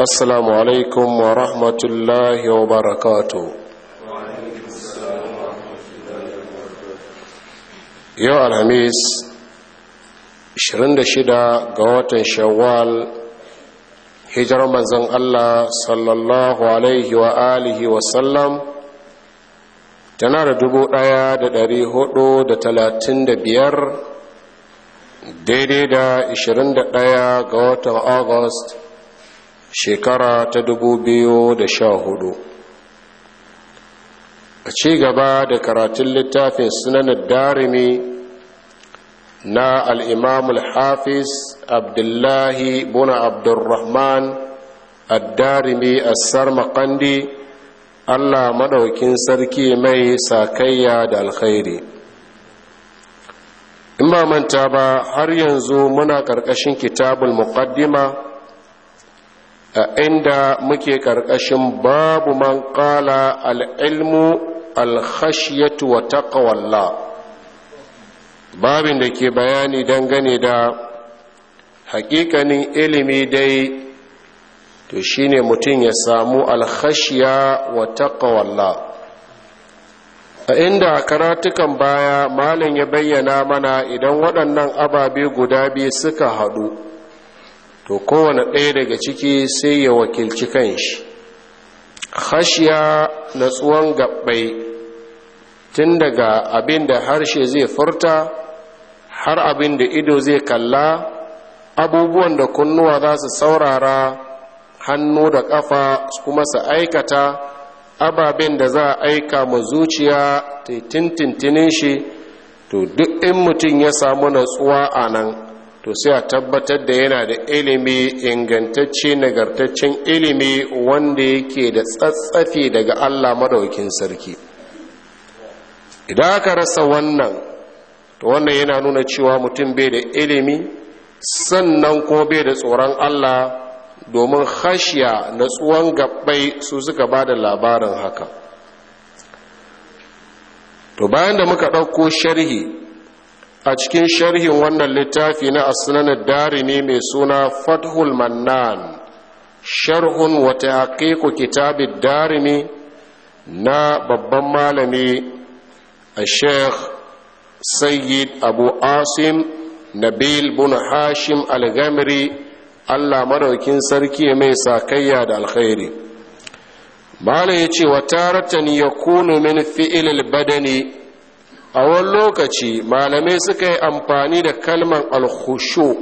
assalamu alaikum wa rahmatullahi wa barakatuh yau alhamis 26 ga watan shawwal hijirar mazan Allah sallallahu alaihi wa wa sallam tana da dubu ɗaya da dari hudu da talatin da biyar daidai da ɗaya ga watan august shekara ta dubu biyu da sha hudu. a ci gaba da karatun littafin sunanar darimi na al'imamul hafiz abdullahi buna abdurrahman addarimi assar makandi allah maɗaukin sarki mai sakayya da alkhairi in ba manta ba har yanzu muna ƙarƙashin kitabul muƙaddima a inda muke ƙarƙashin babu man ƙala al'ilmu alhashiyatu wa taƙawalla babin da ke bayani dangane da haƙiƙanin ilimi dai to shi ne mutum ya samu alhashiya wa taƙawalla a inda karatukan baya malin ya bayyana mana idan waɗannan ababe guda biyu suka haɗu to kowane ɗaya daga ciki sai ya wakilci kan shi. hashiya natsuwan gabbai tun daga abin da harshe zai furta har abin da ido zai kalla abubuwan da kunnuwa za su saurara hannu da ƙafa kuma su aikata ababen da za a aika ma zuciya ta tintintinin shi to duk in mutum ya samu natsuwa a nan to sai a tabbatar da yana da ilimi ingantacce nagartaccen ilimi wanda yake da tsatsafi daga Allah madaukin sarki idan aka rasa wannan to wannan yana nuna cewa mutum bai da ilimi sannan ko bai da tsoron Allah domin hashiya na tsuwan gabbai su suka ba da labarin haka to bayan da muka ɗauko sharhi a cikin sharhin wannan littafi na asnanar darimi mai suna fathul mannan sharhun wata haƙiƙu kitabin darimi na babban malami a sheikh sayyid abu asim nabil bin hashim al-gamri allah maraukin sarki mai sakayya da alkhairi malam ya ce wa taratan ya kunu min fi'il badani a wani lokaci malamai suka yi amfani da kalman alhushu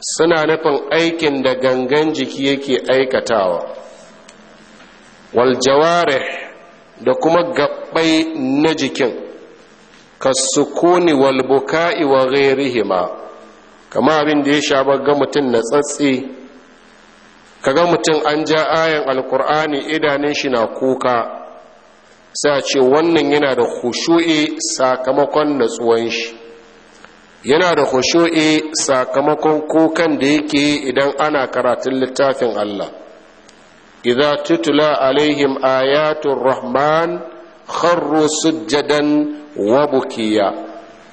suna nufin aikin da gangan jiki yake aikatawa waljawari, da kuma gabbai na jikin kasukuni walbuka'i wa ghairihima kama abin da ya shaba ga mutum na tsatsi kaga mutum an ja ayan alkur'ani idanun shi na kuka sai ce wannan yana da khushu'i sakamakon natsuwan shi yana da khushu'i sakamakon kukan da yake idan ana karatun littafin Allah idza tutla alaihim ayatul rahman kharru sujadan wa bukiya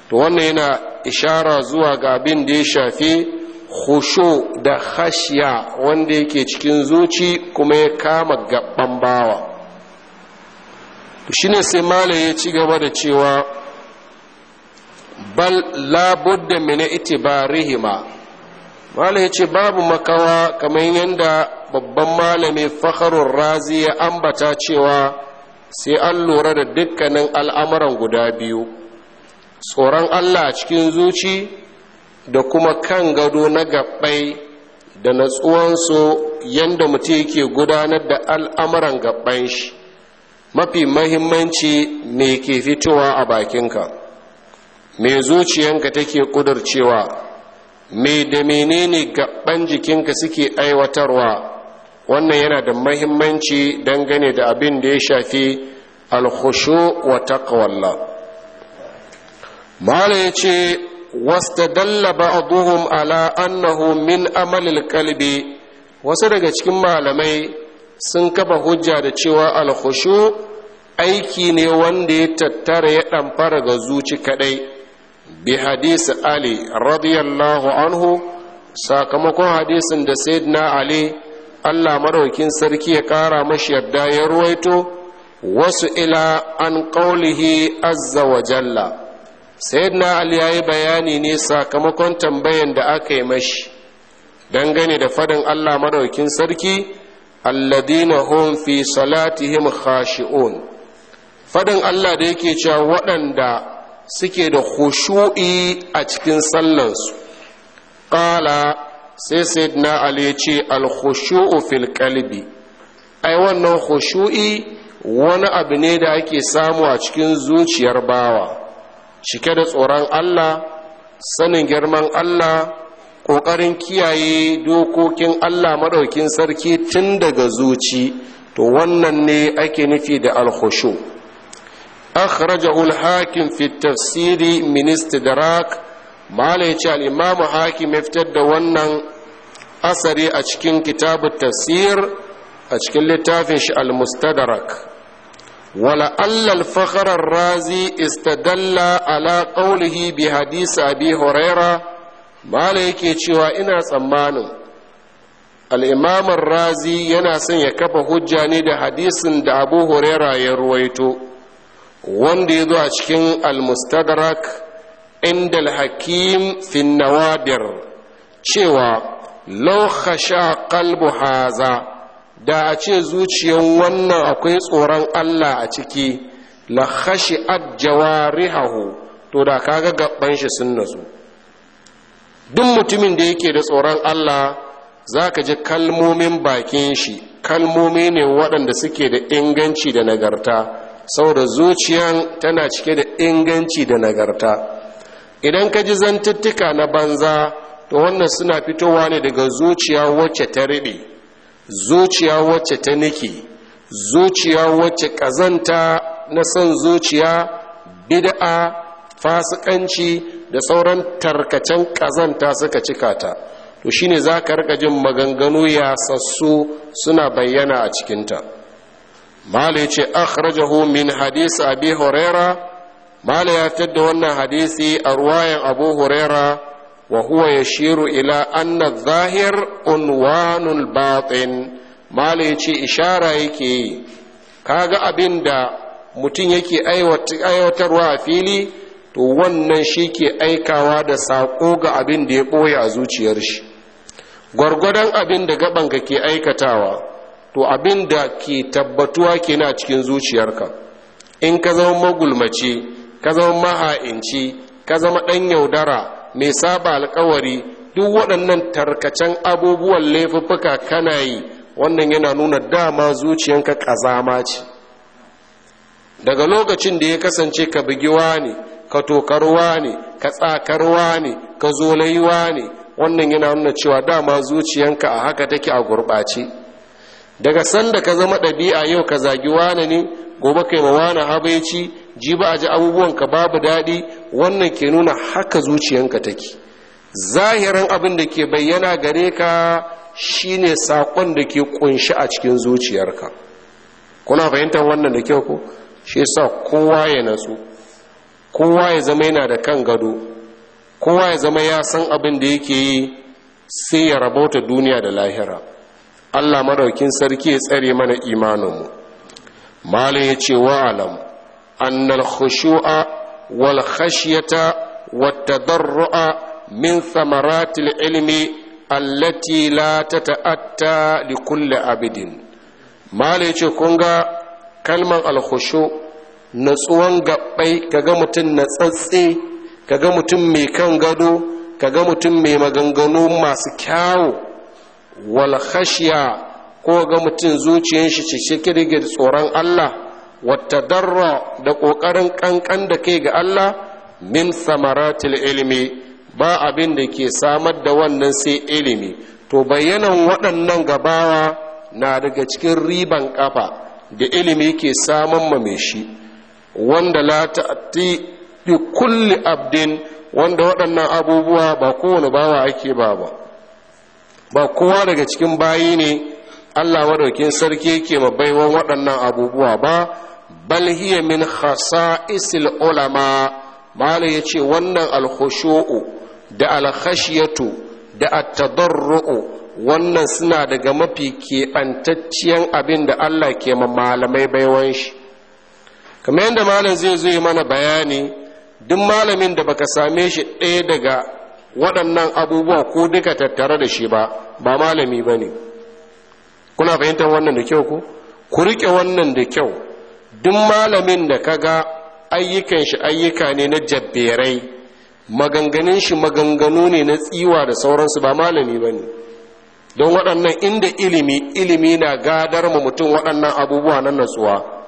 to wannan yana ishara zuwa ga abin da ya shafi khushu da khashya wanda yake cikin zuci kuma ya kama gaban bawa shi ne sai male ya ci gaba da cewa bal labudda ba itibarihima male ya ce babu makawa kamar yadda babban malami fakharun razi ya ambata cewa sai an lura da dukkanin al'amuran guda biyu tsoron allah cikin zuci da kuma kan gado na gabbai da natsuwansu yadda mutum yake gudanar da al'amuran gabban shi mafi mahimmanci me ke fitowa a bakinka me zuciyanka take kudurcewa me da menene gaban jikinka suke aiwatarwa wannan yana da mahimmanci dangane da abin da ya shafi alkhushu wa taqwallah mala yace wastadalla ba'dhum ala annahu min amalil kalbi wasu daga cikin malamai sun kafa hujja da cewa alkhushu aiki ne wanda ya tattara ya ɗamfara ga zuci kadai. bi hadisi ali radiyallahu anhu sakamakon hadisin da sayyidina ali allah maraukin sarki ya ƙara mashi yarda ya ruwaito wasu ila an ƙaulihi azza wa jalla sayyidina ali ya yi bayani ne sakamakon tambayan da aka yi mashi dangane da faɗin allah maraukin sarki alladina hum fi salatihim khashi'un fadin Allah da yake cewa waɗanda suke da khushu'i a cikin sallansu qala sai sayyidina ali ya ce al khushu'u fil qalbi ai wannan khushu'i wani abu ne da ake samu a cikin zuciyar bawa cike da tsoron Allah sanin girman Allah ƙoƙarin kiyaye dokokin allah maɗaukin sarki tun daga zuci to wannan ne ake nufi da alkhushu akhrajahu al-hakim fi tafsiri min istidrak mala yace hakim ya fitar da wannan asari a cikin kitabut tafsir a cikin littafin shi al allal ولعل razi istadalla ala qawlihi bi بحديث أبي horaira. mala yake cewa ina tsammanin al'imamar razi yana son ya kafa hujja ne da hadisin da abu huraira ya ruwaito wanda ya zo a cikin al-mustadrak inda al-hakim finnawadir cewa lau khasha haza da a ce zuciyar wannan akwai tsoron Allah a ciki la khashi'at jawarihahu to da kaga gaban shi sun nasu duk mutumin da yake da tsoron Allah za ka ji kalmomin bakin shi kalmomi ne waɗanda suke da inganci da nagarta saboda zuciyan tana cike da inganci da nagarta idan ka ji zantuttuka na banza to wannan suna fitowa ne daga zuciya wacce ta riɓe zuciya wacce ta niki zuciya wacce ƙazanta na son zuciya bid'a fasikanci da sauran tarkacen kazanta suka cika ta to shine za ka rika jin maganganu ya sassu suna bayyana a cikinta mala ce akhrajahu min hadisi abi huraira mala ya da wannan hadisi a ruwayan abu huraira wa huwa yashiru ila anna zahir unwanul batin mala ya ce ishara yake yi kaga abin da mutum yake aiwatarwa a fili to wannan shi ke aikawa da saƙo ga abin da ya ɓoye a zuciyar shi gwargwadon abin da gabanka ke aikatawa to abin da ke tabbatuwa ke na cikin zuciyarka in ka zama magulmaci ka zama maha'inci ka zama ɗan yaudara mai saba alkawari duk waɗannan tarkacen abubuwan laifuffuka kana yi wannan yana nuna dama zuciyanka ƙazama ce daga lokacin da ya kasance ka bugiwa ne ka tokarwa ne ka tsakarwa ne ka zolaiwa ne wannan yana nuna cewa dama zuciyanka a haka take a gurɓace daga sanda ka zama ɗabi'a yau ka zagi wane ne gobe kai ma wane habaici ji ba a ji abubuwan ka babu daɗi wannan ke nuna haka zuciyanka take zahirin abin da ke bayyana gare ka shine saƙon da ke kunshi a cikin zuciyarka kuna fahimtar wannan da kyau ko shi yasa kowa ya natsu kowa ya zama yana da kan gado kowa ya zama ya san abin da yake yi sai ya rabota duniya da lahira allah maraukin sarki ya tsare mana imaninmu malin ya ce wa alam annal khushu'a wal khashyata wata tadarru'a min samaratil ilmi allati la tata'atta li kulli abidin malin ya ce kun ga kalman al khushu' natsuwan gabbai kaga mutum natsatse kaga mutum mai kan gado kaga mutum mai maganganu masu kyawu wal khashya ko ga mutum zuciyar shi cike da tsoron Allah wata darra da ƙoƙarin ƙanƙan da kai ga Allah min samaratul ilimi ba abin da ke samar da wannan sai ilimi to bayanan waɗannan gabawa na daga cikin riban ƙafa da ilimi ke samun mai shi wanda la ta'ti bi kulli abdin wanda waɗannan abubuwa ba kowane bawa ake ba ba ba kowa daga cikin bayi ne Allah madaukin sarki yake ma baiwan waɗannan abubuwa ba bal hiya min khasa'isil ulama mala yace wannan alkhushu'u da alkhashiyatu da at-tadarru'u wannan suna daga mafi keɓantacciyar abin da Allah ke ma malamai baiwan shi kamar yadda malam zai zo mana bayani duk malamin da baka same shi ɗaya daga waɗannan abubuwa ko duka tattare da shi ba ba malami ba ne kuna fahimtar wannan da kyau ko ku riƙe wannan da kyau duk malamin da ka ga ayyukan shi ayyuka ne na jabberai maganganun shi maganganu ne na tsiwa da sauransu ba malami ba ne don waɗannan inda ilimi ilimi na gadar mu mutum waɗannan abubuwa na natsuwa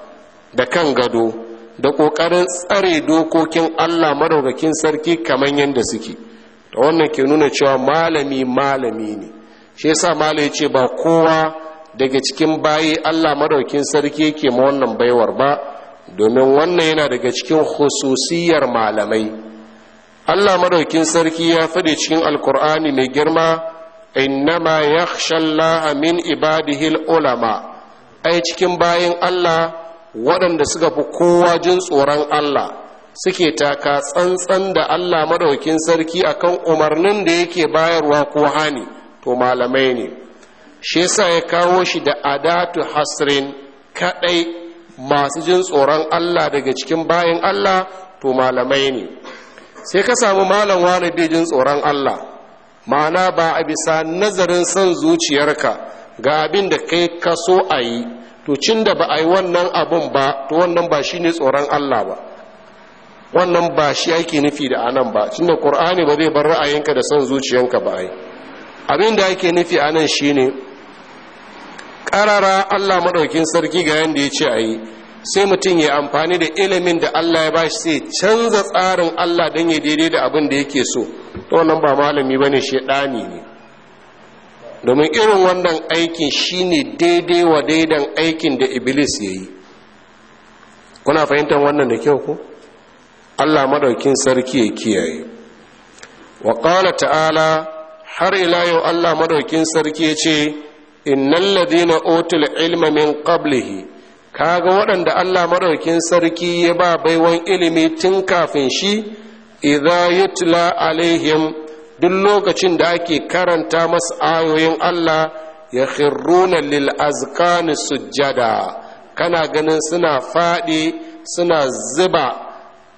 da kan gado da ƙoƙarin tsare dokokin allah madaukakin sarki kamar yadda suke da wannan ke nuna cewa malami malami ne shi yasa malai ce ba kowa daga cikin bayi allah madaukakin sarki yake ma wannan baiwar ba domin wannan yana daga cikin khususiyar malamai allah madaukakin sarki ya faɗi cikin alkur'ani mai girma innama Allah min ibadihi ulama ai cikin bayin Allah waɗanda suka fi kowa jin tsoron Allah suke taka tsantsan da Allah madaukin sarki akan umarnin da yake bayarwa ko hani to malamai ne shi yasa ya kawo shi da adatu hasrin kaɗai masu jin tsoron Allah daga cikin bayan Allah to malamai ne sai ka samu malam wani bai jin tsoron Allah ma'ana ba a bisa nazarin son zuciyarka ga abin da kai ka so a yi to cin da ba a yi wannan abun ba to wannan ba shi ne tsoron Allah ba wannan ba shi ake nufi da anan ba cin da ba zai bar ra'ayinka da son zuciyanka ba ai abin da ake nufi anan ne, ƙarara Allah maɗaukin sarki ga yadda ya ce a yi. sai mutum ya amfani da ilimin da Allah ya bashi sai canza tsarin Allah don ya daidai da abin da yake so to wannan ba malami bane ɗani ne domin irin wannan aikin shine daidai wa daidan aikin da iblis ya yi kuna fahimtar wannan da kyau ku allah madaukin sarki ya kiyaye wa ƙala ta'ala har ila yau allah madaukin sarki ya ce innan ladina otul ilma min qablihi kaga waɗanda allah madaukin sarki ya ba baiwan ilimi tun kafin shi idza yutla alaihim duk lokacin da ake karanta masu ayoyin Allah ya khirruna lil azkani sujjada kana ganin suna faɗi suna zuba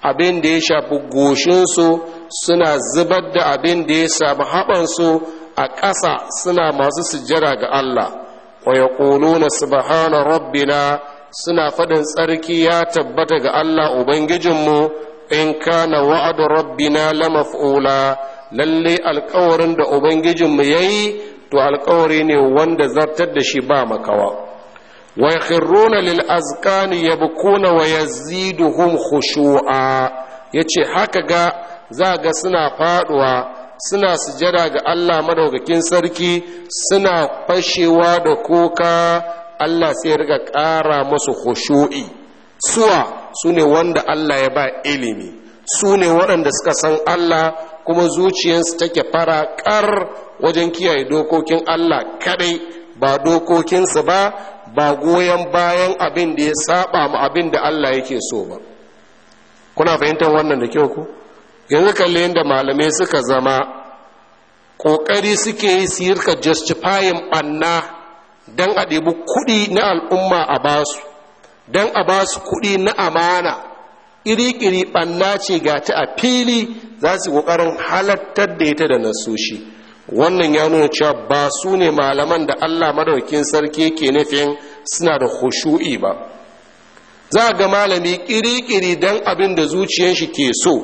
abin da ya shafi goshinsu suna zubar da abin da ya shafi haɓansu a ƙasa suna masu sujjada ga Allah wa yaquluna subhana rabbina suna faɗin tsarki ya tabbata ga Allah ubangijinmu in kana wa'adu rabbina maf'ula lalle alkawarin da ubangijinmu ya yi to alkawari ne wanda zartar da shi ba makawa wa yakhruna lil azqani yabkuna wa yaziduhum khushu'a yace haka ga za ga suna faduwa suna sujada ga Allah madaukakin sarki suna fashewa da kuka Allah sai ya riga ƙara musu khushu'i suwa sune wanda Allah ya ba ilimi su ne waɗanda suka san Allah kuma zuciyarsu take fara kar wajen kiyaye dokokin Allah kadai ba dokokinsa ba ba goyon bayan abin da ya saba ma abin da Allah yake so ba kuna fahimtar wannan da kyau ku yanzu kalle yadda malamai suka zama ƙoƙari suke yi su yirka justifying ɓanna don a ɗebi kuɗi na al'umma a basu dan a basu kuɗi na amana ƙiriƙiri ɓanna ce ga ta a fili za su ƙoƙarin halattar da ita da nasoshi wannan ya nuna cewa ba su ne malaman da allah madaukin sarki ke nufin suna da hushu'i ba za a ga malami ƙirikiri don abin da zuciyar shi ke so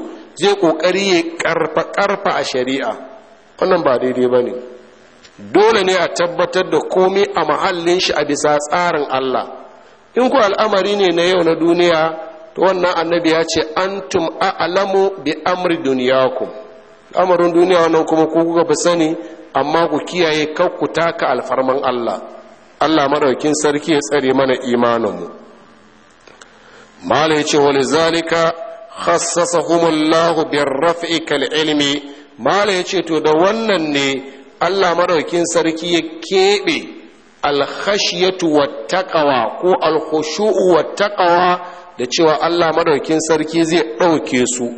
zai ƙoƙari ya ƙarfa-ƙarfa a shari'a wannan ba daidai ba ne dole ne a tabbatar da komai a mahallin shi a bisa tsarin allah in ku al'amari ne na yau na duniya to wannan annabi ya ce antum a'lamu bi amri ku. amarin duniya wannan kuma ku kuka fi sani amma ku kiyaye kar ku taka alfarman Allah Allah maraukin sarki ya tsare mana imaninmu mala ce wani zalika khassasahum humullahu biyar raf'i kal ilmi mala ce to da wannan ne Allah maraukin sarki ya keɓe Alhashiyatu wa taƙawa ko Alhushuu wa taƙawa? da cewa allah madaukin sarki zai ɗauke su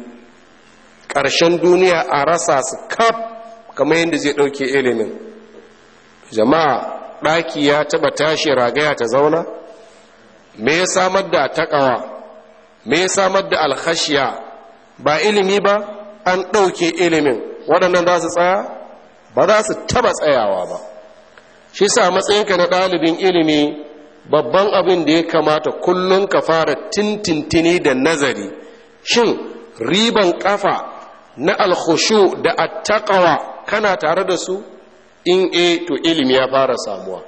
ƙarshen duniya a rasa su kaf kamar yadda zai ɗauke ilimin jama'a ɗaki ya taɓa tashi ragaya ta zauna me ya samar da taƙawa me ya samar da alhashiya ba ilimi ba an ɗauke ilimin waɗannan za su tsaya ba za su taɓa tsayawa ba shi sa matsayinka na ɗalibin ilimi babban abin da ya kamata kullum ka fara tintintini da nazari shin riban kafa na alkhushu da attaqawa kana tare da su in e to ilimi ya fara samuwa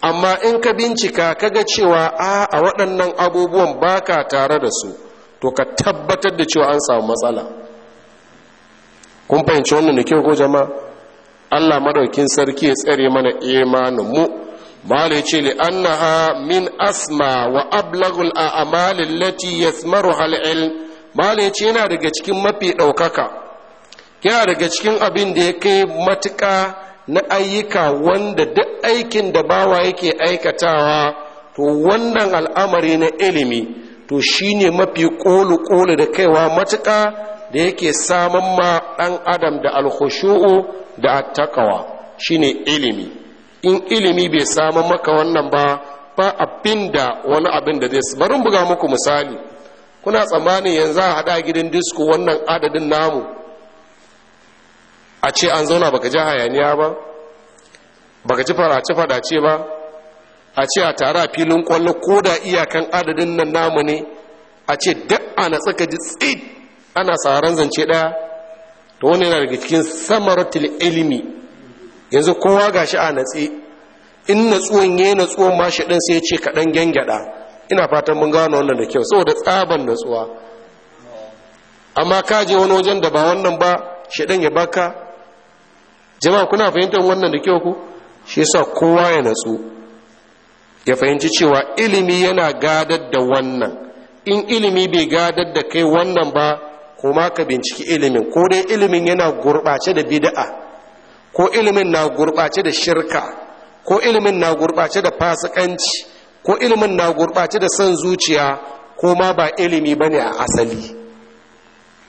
amma in ka bincika kaga cewa a a waɗannan abubuwan baka tare da su to ka tabbatar da cewa an samu matsala kun fahimci wannan da kyau ko jama'a Allah madaukin sarki ya tsare mana imanin mu mala ya li'annaha min asma wa ablagul a'malin lati yasmaru hal'il malai ce yana daga cikin mafi ɗaukaka yana daga cikin abin da ya kai matuƙa na ayyuka wanda duk aikin da bawa yake aikatawa to wannan al'amari na ilimi to shine mafi ƙolu-ƙolu da kaiwa matuƙa da yake saman ma ɗan adam da alhushu'u da attakawa shine ilimi in ilimi bai sami maka wannan ba ba abin da wani abin da zai bari buga muku misali kuna tsammanin yanzu a haɗa gidan disko wannan adadin namu a ce an zauna baka ji hayaniya ba baka ji farace fadace ba a ce a tare a filin kwallo ko da iyakan adadin nan namu ne a ce duk ana tsaka ji tsit ana saran zance ɗaya to wani yana daga cikin samaratul ilimi yanzu kowa gashi a natse in natsuwan yayi natsuwan ma shi din sai ya ce kaɗan gyangyaɗa ina fatan mun gano wannan da kyau saboda tsaban natsuwa amma ka je wani wajen da ba wannan ba shi din ya baka jama'a kuna fahimtar wannan da kyau ku shi yasa kowa ya natsu ya fahimci cewa ilimi yana gadar da wannan in ilimi bai gadar da kai wannan ba kuma ka binciki ilimin ko dai ilimin yana gurɓace da bid'a ko ilimin na gurbace da shirka ko ilimin na gurɓace da fasikanci ko ilimin na gurɓace da son zuciya ko ma ba ilimi ba ne a asali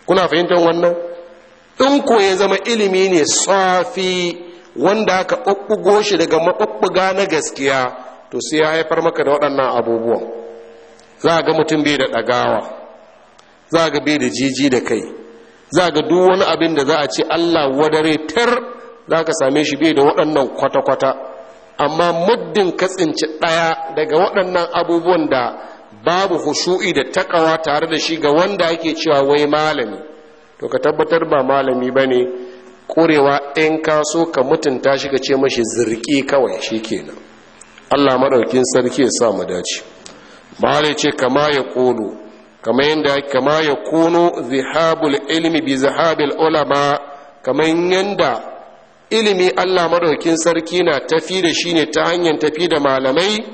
kuna fahimtar wannan in ko ya zama ilimi ne safi wanda aka ɓuɓɓugo shi daga maɓuɓɓuga na gaskiya to sai ya haifar maka da waɗannan abubuwan za ga mutum bai da ɗagawa za ga bai da jiji da kai za ga duk wani abin da za a ce allah wadare tar za ka same shi bai da waɗannan kwata-kwata amma muddin ka tsinci ɗaya daga waɗannan abubuwan da babu hushu'i da takawa tare da shi ga wanda yake cewa wai malami to ka tabbatar ba malami ba ne ƙurewa ɗin ka so ka mutunta shi ka ce mashi zirki kawai shi kenan allah maɗaukin sarki ya sa mu dace malai ce kama ya ƙolo kama yadda kama ya kono zihabul ilmi bi zihabil ulama kamar yadda ilimi Allah madaukin sarki na tafi da shi ne ta hanyar tafi da malamai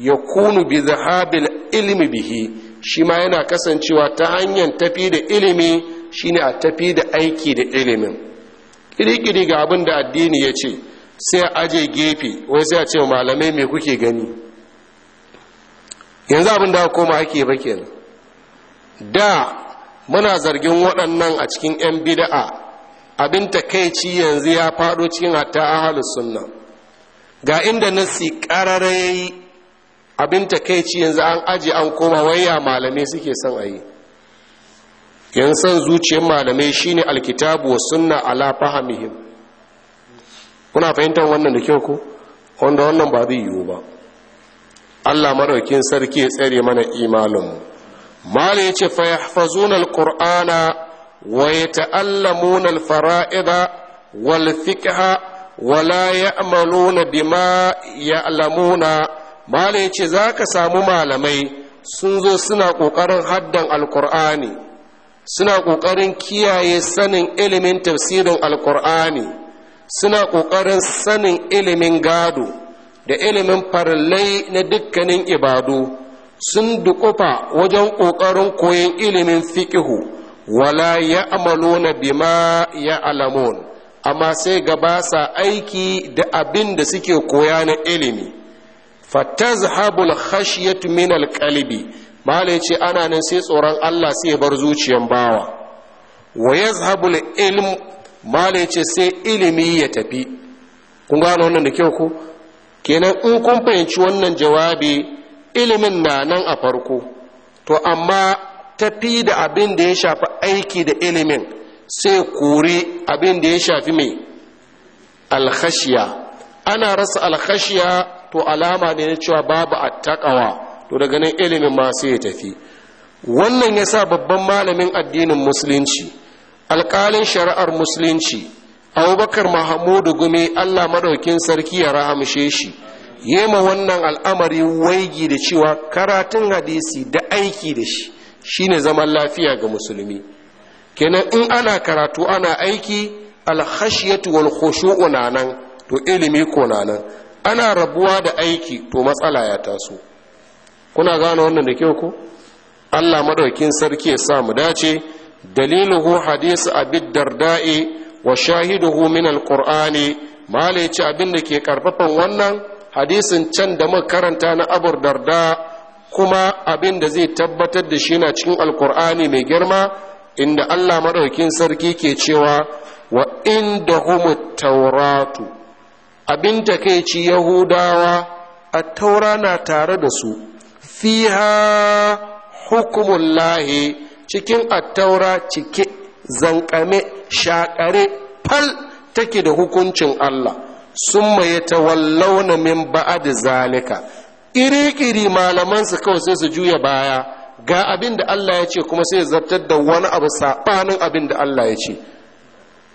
ya kunu bi zahabil ilimi bihi shi ma yana kasancewa ta hanyar tafi da ilimi shi ne a tafi da aiki da ilimin kirikiri ga abin da addini ya ce sai a aje gefe wai sai a ce malamai me kuke gani yanzu abin da koma ake ba da muna zargin waɗannan a cikin 'yan bida'a abin takaici yanzu ya faɗo cikin hatta ahalus sunna ga inda nasi ƙararai abin takaici yanzu an aji an koma waya malamai suke son a yi yan son zuciyar malamai shine alkitabu wa sunna ala fahimihim kuna fahimtar wannan da kyau ko wanda wannan ba zai yiwu ba Allah maraukin sarki ya tsare mana imanin mu ya yace fa yahfazuna alqur'ana wa yata'allamuna al-fara'ida wal fiqha wa la ya'maluna bima ya'lamuna mala yace zaka samu malamai sun zo suna ƙoƙarin haddan alqur'ani suna ƙoƙarin kiyaye sanin ilimin tafsirin alqur'ani suna ƙoƙarin sanin ilimin gado da ilimin farallai na dukkanin ibadu sun duƙufa wajen ƙoƙarin koyon ilimin fiƙihu wala ya na bima ya alamun amma sai gaba sa aiki da abin da suke koya na ilimi fatazhabul khashyatu min alqalbi malai ce ana nan sai tsoron Allah sai bar zuciyan bawa wa yazhabul ilm malai ce sai ilimi ya tafi kun gano wannan da kyau ko kenan in kun fahimci wannan jawabi ilimin na nan a farko to amma tafi da abin da ya shafi aiki da ilimin sai kori abin da ya shafi mai alkhashiya ana rasa alkhashiya to alama ne na cewa babu takawa to daga nan ilimin ma sai ya tafi wannan ya sa babban malamin addinin musulunci alƙalin shari'ar musulunci abubakar mahamudu Gumi, allah maɗaukin sarki ya rahamshe shi yema wannan al'amari waigi da cewa karatun hadisi da aiki da shi shine zaman lafiya ga musulmi kenan in ana karatu ana aiki alhashiyatu wal khushu'u nan to ilimi ko nan ana rabuwa da aiki to matsala ya taso kuna gane wannan da kyau ko Allah madaukin sarki ya sa mu dace daliluhu hadisi abid darda'i wa shahiduhu min alqur'ani mala yace abin da ke karfafan wannan hadisin can da muka karanta na abur darda' kuma abin da zai tabbatar da shi na cikin alkur'ani mai girma inda allah maɗaukin sarki ke cewa wa inda humu tauratu abin ci yahudawa a taura na tare da su fiha hukumun lahi cikin attaura cike zankame shaƙare fal take da hukuncin allah sun ya launa min ba'ad zalika iri-iri malamansu kawai sai su juya baya ga abin da Allah ya ce kuma sai zartar da wani abu saɓanin abin da Allah ya ce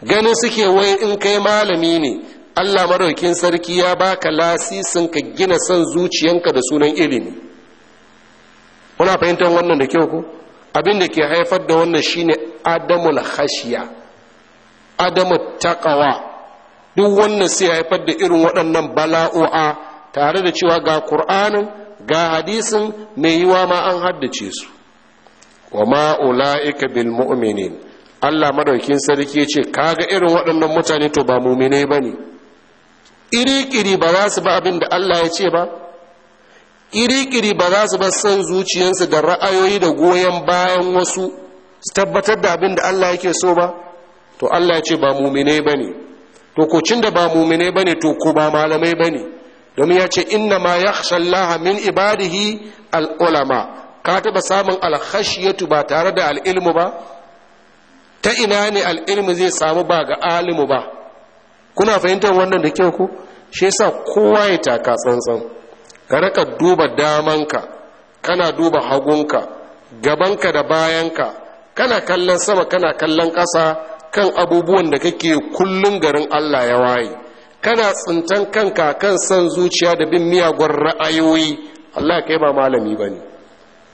ganin suke wai in kai malami ne Allah maraukin sarki ya baka lasisin ka gina son zuciyanka da sunan ilimi kuna fahimtar wannan da kyau ku abin da ke haifar da wannan shine adamul Hashiya, adamul Takawa, duk wannan sai haifar da irin waɗannan bala'o'a tare da cewa ga ƙur'anin ga hadisin mai yiwa ma an haddace su wa ma'ula'ika bil mu'minin Allah madaukin sarki ce kaga irin waɗannan mutane to ba mumine ba ne ƙiri ba za su ba abin da Allah ya ce ba ƙiri ba za su ba son zuciyarsu da ra'ayoyi da goyon bayan wasu su tabbatar da abin da Allah yake so ba to Allah ya ce ba mumine ba ne to ko cin da ba muminai ba ne to ko ba malamai ba ne domin ya ce inna ma ya shallaha min ibadihi al'ulama ka taɓa samun alhashiyatu ba tare da al'ilmu ba ta ina ne al'ilmu zai samu ba ga alimu ba kuna fahimtar wannan da kyau ku shi yasa kowa ya taka tsantsan ka raka duba damanka kana duba hagunka gabanka da bayanka kana kallon sama kana kallon ƙasa kan abubuwan da kake kullum garin Allah ya waye kana tsintan kanka kan son zuciya da bin miyagun ra'ayoyi Allah kai ba malami ba ne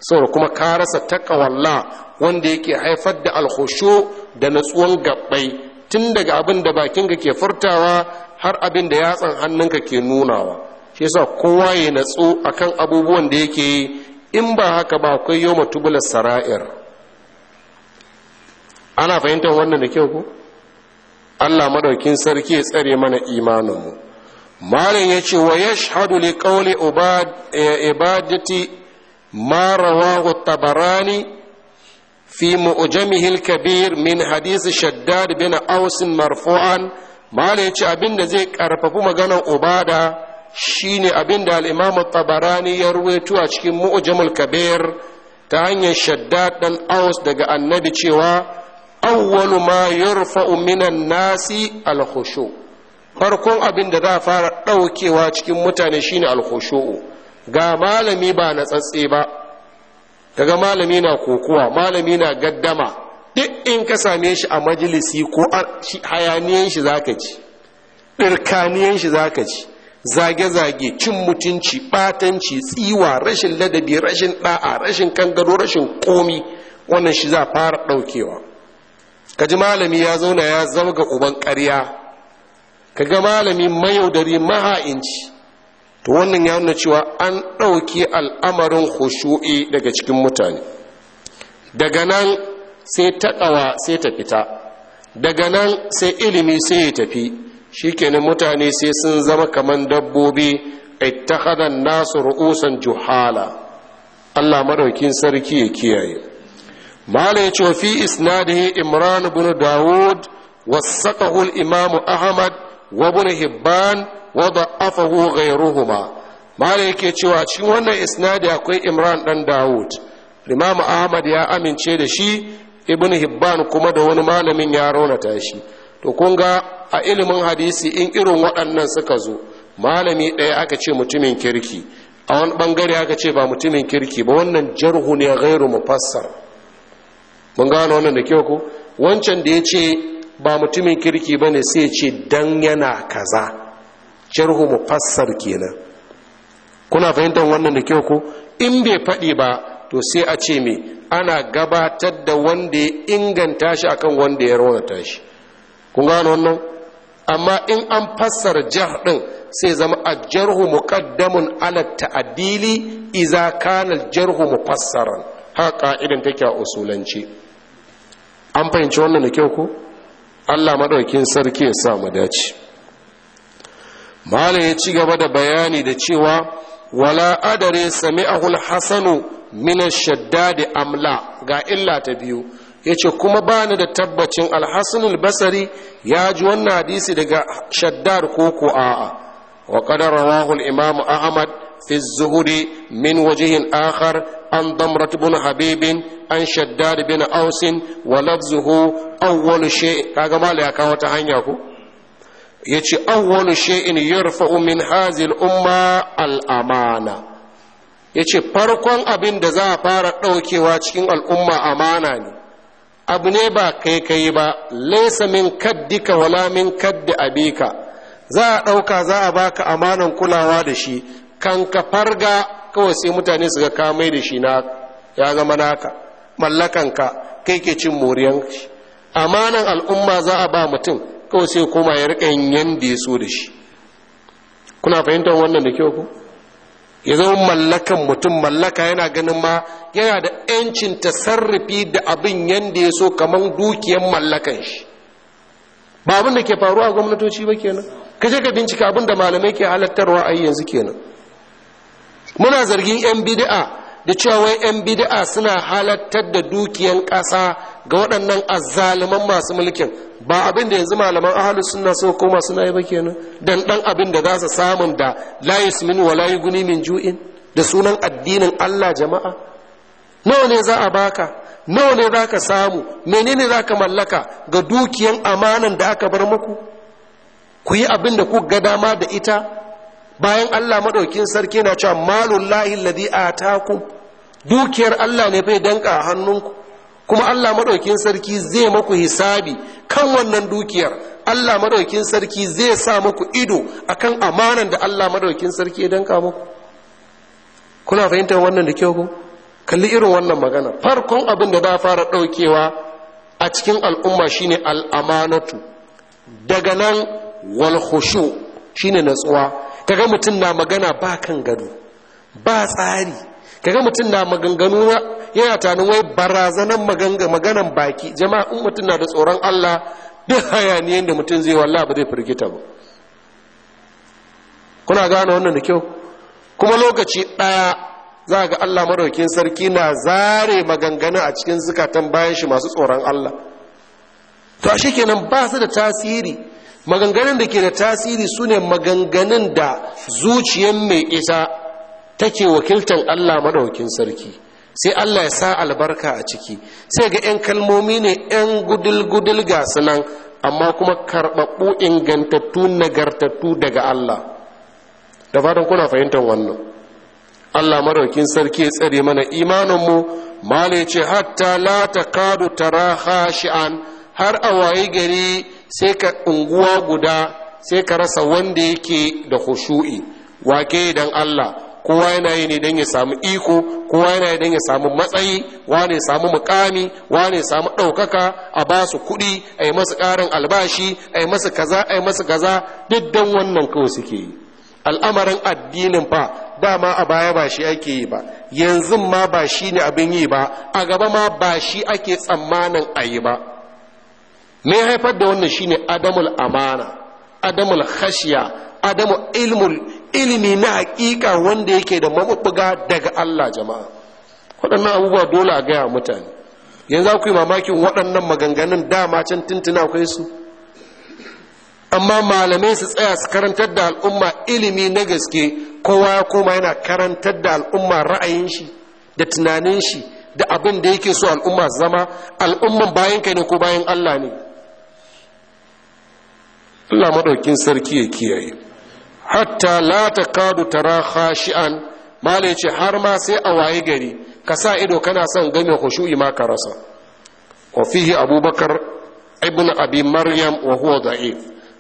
saboda kuma ka rasa takawalla wanda yake haifar da alhosho da natsuwan gabbai tun daga abin da bakinka ke furtawa har abin da yatsan hannunka ke nunawa shi yasa kowa ya natsu akan abubuwan da yake yi in ba haka ba akwai yau matubular sara'ir ana fahimtar wannan da kyau ko Allah madaukin sarki ya tsare mana imaninmu malin ya ce wa yashhadu li qawli eh, ibadati ma rawahu tabarani fi mu'jamihi al-kabir min hadisi shaddad bin aus marfu'an Malam ya ce abinda zai karfafi maganar ubada shine abinda al-imam tabarani ya ruwaito a cikin mu'jamul kabir ta hanyar shaddad dan aus daga annabi cewa awwalu ma yurfa'u minan nasi al farkon abin da za a fara ɗaukewa cikin mutane shine al ga malami ba na tsatse ba daga malami na kokowa malami na gaddama duk in ka same shi a majalisi ko hayaniyan shi zaka ji dirkaniyan shi zaka ji zage-zage cin mutunci ɓatanci tsiwa rashin ladabi rashin ɗa'a rashin kangaro rashin komi wannan shi za a fara ɗaukewa ka ji malami ya zauna ya zama ga uban ƙarya ka ga malami mayaudari maha'inci to wannan ya nuna cewa an ɗauki al'amarin hushu'i daga cikin mutane daga nan sai taɗawa sai ta fita daga nan sai ilimi sai ya tafi shikenan mutane sai sun zama kaman dabbobi a ittakhadan nasu ru'usan juhala Allah maraukin sarki ya kiyaye malam ya ce fi isnadihi imran ibn dawud wasaqahu al-imam ahmad wa ibn hibban wa da'afahu ghayruhuma mala yake cewa cikin wannan isnadi akwai imran dan dawud imam ahmad ya amince da shi ibn hibban kuma da wani malamin ya raunata shi to kun ga a ilimin hadisi in irin waɗannan suka zo malami ɗaya aka ce mutumin kirki a wani ɓangare aka ce ba mutumin kirki ba wannan jarhu ne gairu mufassar mun gano wannan da kyau ko wancan da ya ce ba mutumin kirki ba ne sai ce dan yana kaza jarhu mufassar kenan kuna fahimtar wannan da kyau ko in bai faɗi ba to sai a ce me ana gabatar da wanda ya inganta shi akan wanda ya rawata shi kun gano wannan amma in an fassara jar din sai zama a jarhu muqaddamun ala ta'dili idza kana jarhu mufassaran haka idan take a usulance an fahimci wannan da kyau ko allah maɗaukin sarki ya sa mu dace malam ya ci gaba da bayani da cewa wala adare sami'ahul hasanu shadda shaddadi amla ga illa ta biyu ya ce kuma ba ni da tabbacin alhassanul basari ya ji wannan hadisi daga shaddar koko a'a wa kadar rawahu imamu ahmad في الزهد من وجه آخر عن ضمرة بن حبيب عن شداد بن أوس ولفظه أول شيء كما لا كاوتا هنياكو يتي أول شيء يرفع من هذه الأمة الأمانة yace farkon abin da za a fara ɗaukewa cikin al'umma amana ne abu ne ba kai kai ba laisa min kaddika wala min kaddi abika za a ɗauka za a baka amanan kulawa da shi kan ka farga kawai sai mutane su ga kamai da shi na ya zama naka mallakanka kai ke cin moriyan shi amanan al'umma za a ba mutum kawai sai kuma ya rika yin yanda ya so da shi kuna fahimtar wannan da kyau ku ya zama mallakan mutum mallaka yana ganin ma yana da 'yancin tasarrufi da abin yadda ya so kamar dukiyan mallakan shi ba abin da ke faruwa a gwamnatoci ba kenan kaje ka bincika abin da malamai ke halattarwa a yanzu kenan muna zargin 'yan bid'a da cewa 'yan bid'a suna halattar da dukiyan ƙasa ga waɗannan azzaluman masu mulkin ba abin da yanzu malaman ahalus suna so koma suna yi ba kenan dan ɗan abin da za su samun da layis min wa layi guni min ju'in da sunan addinin Allah jama'a nawa ne za a baka nawa ne za ka samu menene za ka mallaka ga dukiyan amanan da aka bar maku? ku yi abin da ku ga dama da ita bayan Allah maɗaukin sarki na cewa a ta ku. dukiyar Allah ne bai danka a hannunku kuma Allah maɗaukin sarki zai maku hisabi kan wannan dukiyar Allah maɗaukin sarki zai sa maku ido a kan amanan da Allah maɗaukin sarki ya danka muku kuna fahimtar wannan da kyau ko kalli irin wannan magana farkon abin da za fara ɗaukewa a cikin al'umma shine al'amanatu daga nan walhushu khushu shine natsuwa kaga mutum na magana ba kan gado ba tsari kaga mutum na maganganu yana tanin wai barazanan maganan baki jama'a in mutum na da tsoron Allah duk hayaniyan da mutum zai wallahi ba zai firgita ba kuna gane wannan da kyau kuma lokaci ɗaya za ga Allah maraukin sarki na zare maganganu a cikin zukatan bayan shi masu tsoron Allah to a kenan ba su da tasiri maganganun da ke da tasiri su ne maganganun da zuciyar mai ita take wakiltar allah maɗaukin sarki sai allah ya sa albarka a ciki sai ga 'yan kalmomi ne 'yan gudul-gudul ga nan amma kuma karɓaɓɓu ingantattu nagartattu daga allah da fatan kuna fahimtar wannan allah maɗaukin sarki ya tsare mana imaninmu mala ya ce hatta la ta kadu tara har a waye gari sai ka unguwa guda sai ka rasa wanda yake da khushu'i wake dan Allah kowa yana yi ne don ya samu iko kowa yana yi don ya samu matsayi wane samu mukami wane samu ɗaukaka a ba su kuɗi a yi masu ƙarin albashi a yi masu kaza a yi masu kaza duk don wannan kawai suke yi al'amarin addinin fa dama a baya ba shi ake yi ba yanzu ma ba shi ne abin yi ba a gaba ma ba shi ake tsammanin a yi ba Mai haifar da wannan shine adamul amana adamul khashiya adamu ilmul ilimi na hakika wanda yake da mabubuga daga Allah jama'a waɗannan abubuwa dole a gaya mutane yanzu ku yi mamakin waɗannan maganganun dama can tuntuna kai su amma malamai su tsaya su karantar da al'umma ilimi na gaske kowa ya koma yana karantar da al'umma ra'ayin shi da tunanin shi da abin da yake so al'umma zama al'umman bayan kai ne ko bayan Allah ne Allah maɗaukin sarki ya kiyaye hatta la kadu tara khashi'an mala yace har ma sai a waye gari ka sa ido kana son game khushu'i ma ka rasa wa fihi abubakar ibn abi maryam wa huwa da'if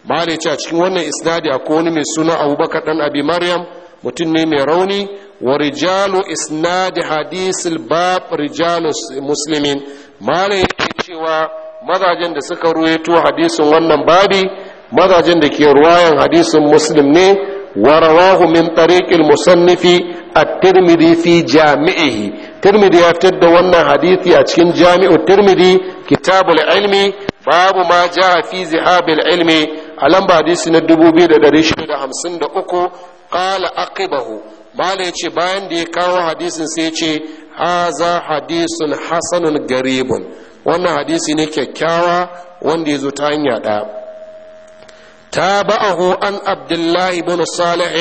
mala yace a cikin wannan isnadi akwai wani mai suna abubakar dan abi maryam mutum ne mai rauni wa rijalu isnadi hadisil bab rijalu muslimin mala yace cewa mazajen da suka ruwaito hadisin wannan babi mazajin da ke ruwayan hadisin muslim ne warawahu min tariqil musannifi at-tirmidhi fi jami'ihi tirmidhi ya fitar da wannan hadisi a cikin jami'u tirmidhi kitabul ilmi babu ma jaa fi zihabil ilmi a lamba hadisi na 2653 qala aqibahu mala yace bayan da ya kawo hadisin sai yace haza hadisun hasanun garibun wannan hadisi ne kyakkyawa wanda ya zo ta hanya ɗaya تابعه عن عبد الله بن صالح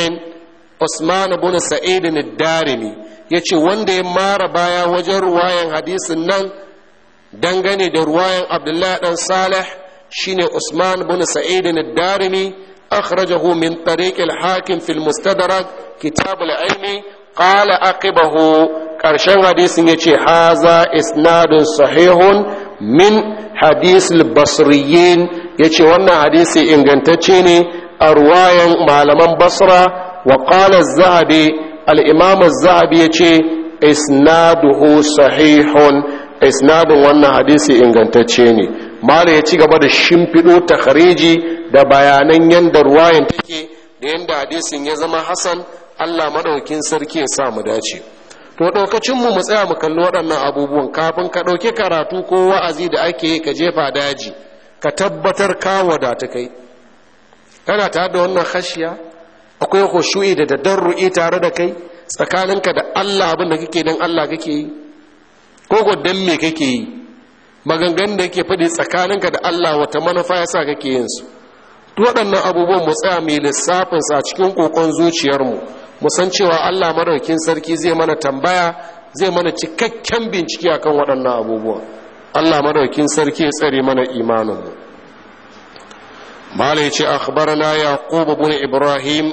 عثمان بن سعيد الدارمي yace wanda ya mara baya wajen ruwayan hadisin nan dangane da ruwayan abdullahi ɗan salih shine usman bin sa'id ad-darimi akhrajahu min tariq al-hakim fil mustadrak kitab ilmi qala aqibahu karshen hadisin yace haza isnadun sahihun min hadisin al ya ce wannan hadisi ingantacce ne a ruwayan malaman basra wa ƙala zahabi al'imam zahabi ya ce isnaduhu sahihun isnadun wannan hadisi ingantacce ne mala ya ci gaba da shimfiɗo ta kareji da bayanan yadda ruwayan take da yadda hadisin ya zama Hassan. allah maɗaukin sarki ya sa mu dace to ɗaukacinmu mu tsaya mu kalli waɗannan abubuwan kafin ka ɗauki karatu ko wa'azi da ake yi ka jefa daji ka tabbatar ka wadata kai kana tare da wannan khashiya akwai khushu'i da dadarru'i tare da kai tsakaninka da Allah abin da kake dan Allah kake yi ko ko dan me kake yi maganganun da yake faɗi tsakaninka da Allah wata manufa yasa kake yin su to waɗannan abubuwan mu tsaya mai lissafin sa cikin kokon zuciyarmu mu san cewa Allah madaukin sarki zai mana tambaya zai mana cikakken bincike akan waɗannan abubuwan Allah madaukin sarki ya tsare mana imaninmu malai ce akhbarana yaqub ibn ibrahim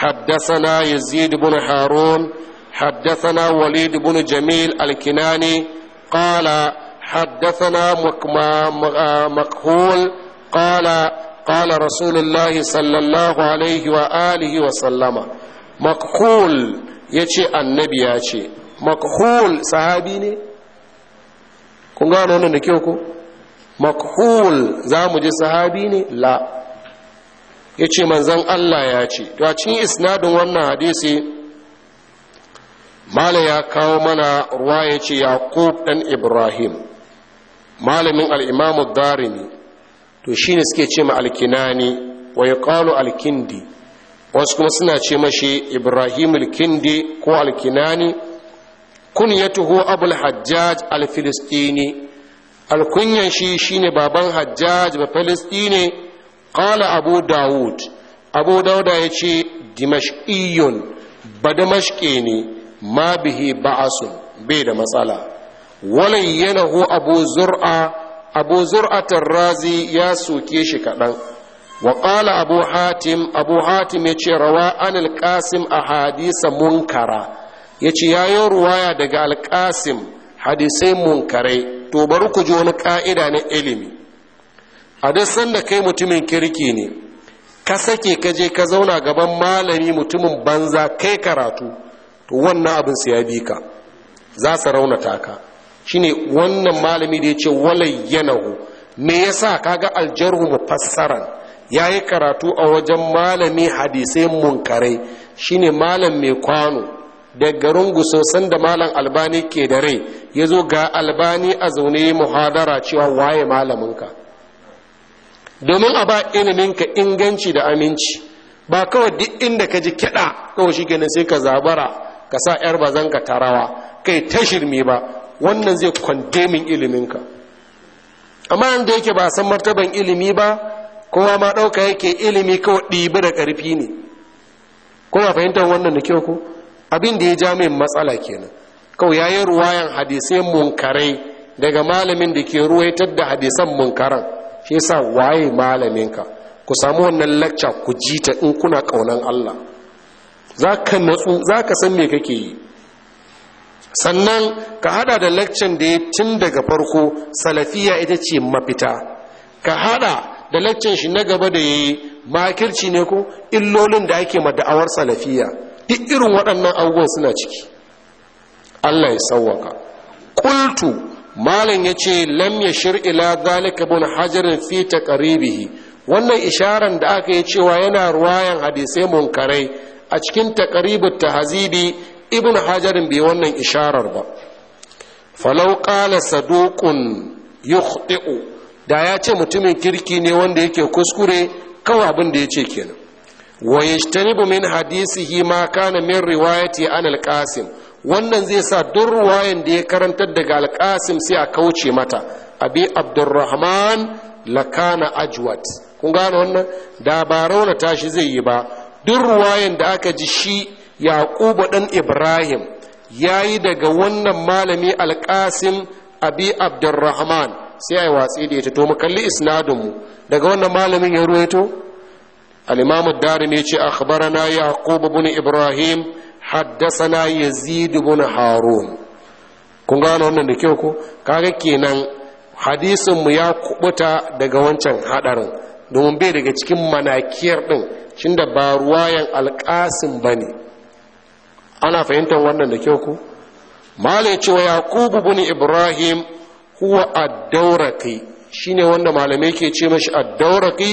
haddasana yazid ibn harun haddasana walid ibn jamil Alkinani, ƙala haddasana makhul qala sallallahu alaihi wa alihi wa sallama makhul yace annabi ya ce makhul sahabi ne kun gano wannan da kyau ko makhul za mu je sahabi ne la ya ce manzan allah ya ce to a cikin isnadin wannan hadisi mala ya kawo mana ruwa ya ce yaqub dan ibrahim malamin al'imamu darimi to shi ne suke ce ma alkinani wa ya alkindi wasu kuma suna ce mashi ibrahim alkindi ko alkinani kunyatuhu abul hajjaj al-filistini alkunyan shi shine baban hajjaj ba filistini qala abu dawud abu dauda ya ce dimashqiyun ba damashqi ne ma bihi ba'asun bai da matsala yanahu abu zur'a abu zur'a razi ya soke shi kaɗan Hatim, Abu Hatim ya ce rawa روا عن qasim ahadisa munkara. ya ce ya yi ruwaya daga alƙasim hadisai munkarai to bari ku ji wani ƙa'ida na ilimi a duk sanda kai mutumin kirki ne ka sake ka je ka zauna gaban malami mutumin banza kai karatu to wannan abin su ya bi ka za su raunata ka shine wannan malami da ya ce walai yanahu me yasa ga aljarhu mufassaran ya yi karatu a wajen malami hadisai munkarai shine malam mai kwano da garin gusosan da malam albani ke da rai ya zo ga albani a zaune muhadara cewa waye malaminka domin a ba iliminka inganci da aminci ba kawai duk inda ka ji kiɗa kawai shi ganin sai ka zabara ka sa 'yar bazan ka tarawa kai ta shirme ba wannan zai kwandemin iliminka amma yadda yake ba san martaban ilimi ba kowa ma ɗauka yake ilimi kawai ɗibi da ƙarfi ne Kuna fahimtar wannan da kyau ko abin da ya ja min matsala kenan kawai ya yi ruwayan hadisai munkarai daga malamin da ke ruwaitar da hadisan munkaran shi yasa waye ka ku samu wannan lacca ku ji ta in kuna kaunan Allah zaka natsu zaka san me kake yi sannan ka hada da laccan da ya tun daga farko salafiya ita ce mafita ka hada da laccan shi na gaba da yayi makirci ne ko illolin da ake mada'awar da'awar salafiya duk irin waɗannan abubuwan suna ciki allah ya sauwaka kultu malam ya ce lamya shir'i la zalika bin hajarin fi taqribihi wannan isharar da aka yi cewa yana ruwayan hadisai munkarai a cikin taqribut tahzibi ibn hajarin bai wannan isharar ba falau qala saduqun yukhti'u da ya ce mutumin kirki ne wanda yake kuskure kawai abin da ya ce kenan wa من min ما كان kana min riwayati an wannan zai sa duk ruwayan da ya karantar daga al sai a kauce mata abi abdurrahman lakana ajwat kun gane wannan da ba rauna tashi zai yi ba duk ruwayan da aka ji shi yaquba dan ibrahim yayi daga wannan malami al-qasim abi abdurrahman sai ai watsi da ita to mu kalli isna'dun mu daga wannan malamin ya ruwaito الإمام الدارمي أخبرنا يعقوب بن إبراهيم حدثنا يزيد بن هارون kun gano wannan da kyau ko kaga kenan hadisin mu ya kubuta daga wancan hadarin domin bai daga cikin manakiyar din da ba ruwayan ba bane ana fahimtar wannan da kyau ko malai cewa yaqubu bin ibrahim huwa ad-dawraqi shine wanda malamai ke ce mashi ad-dawraqi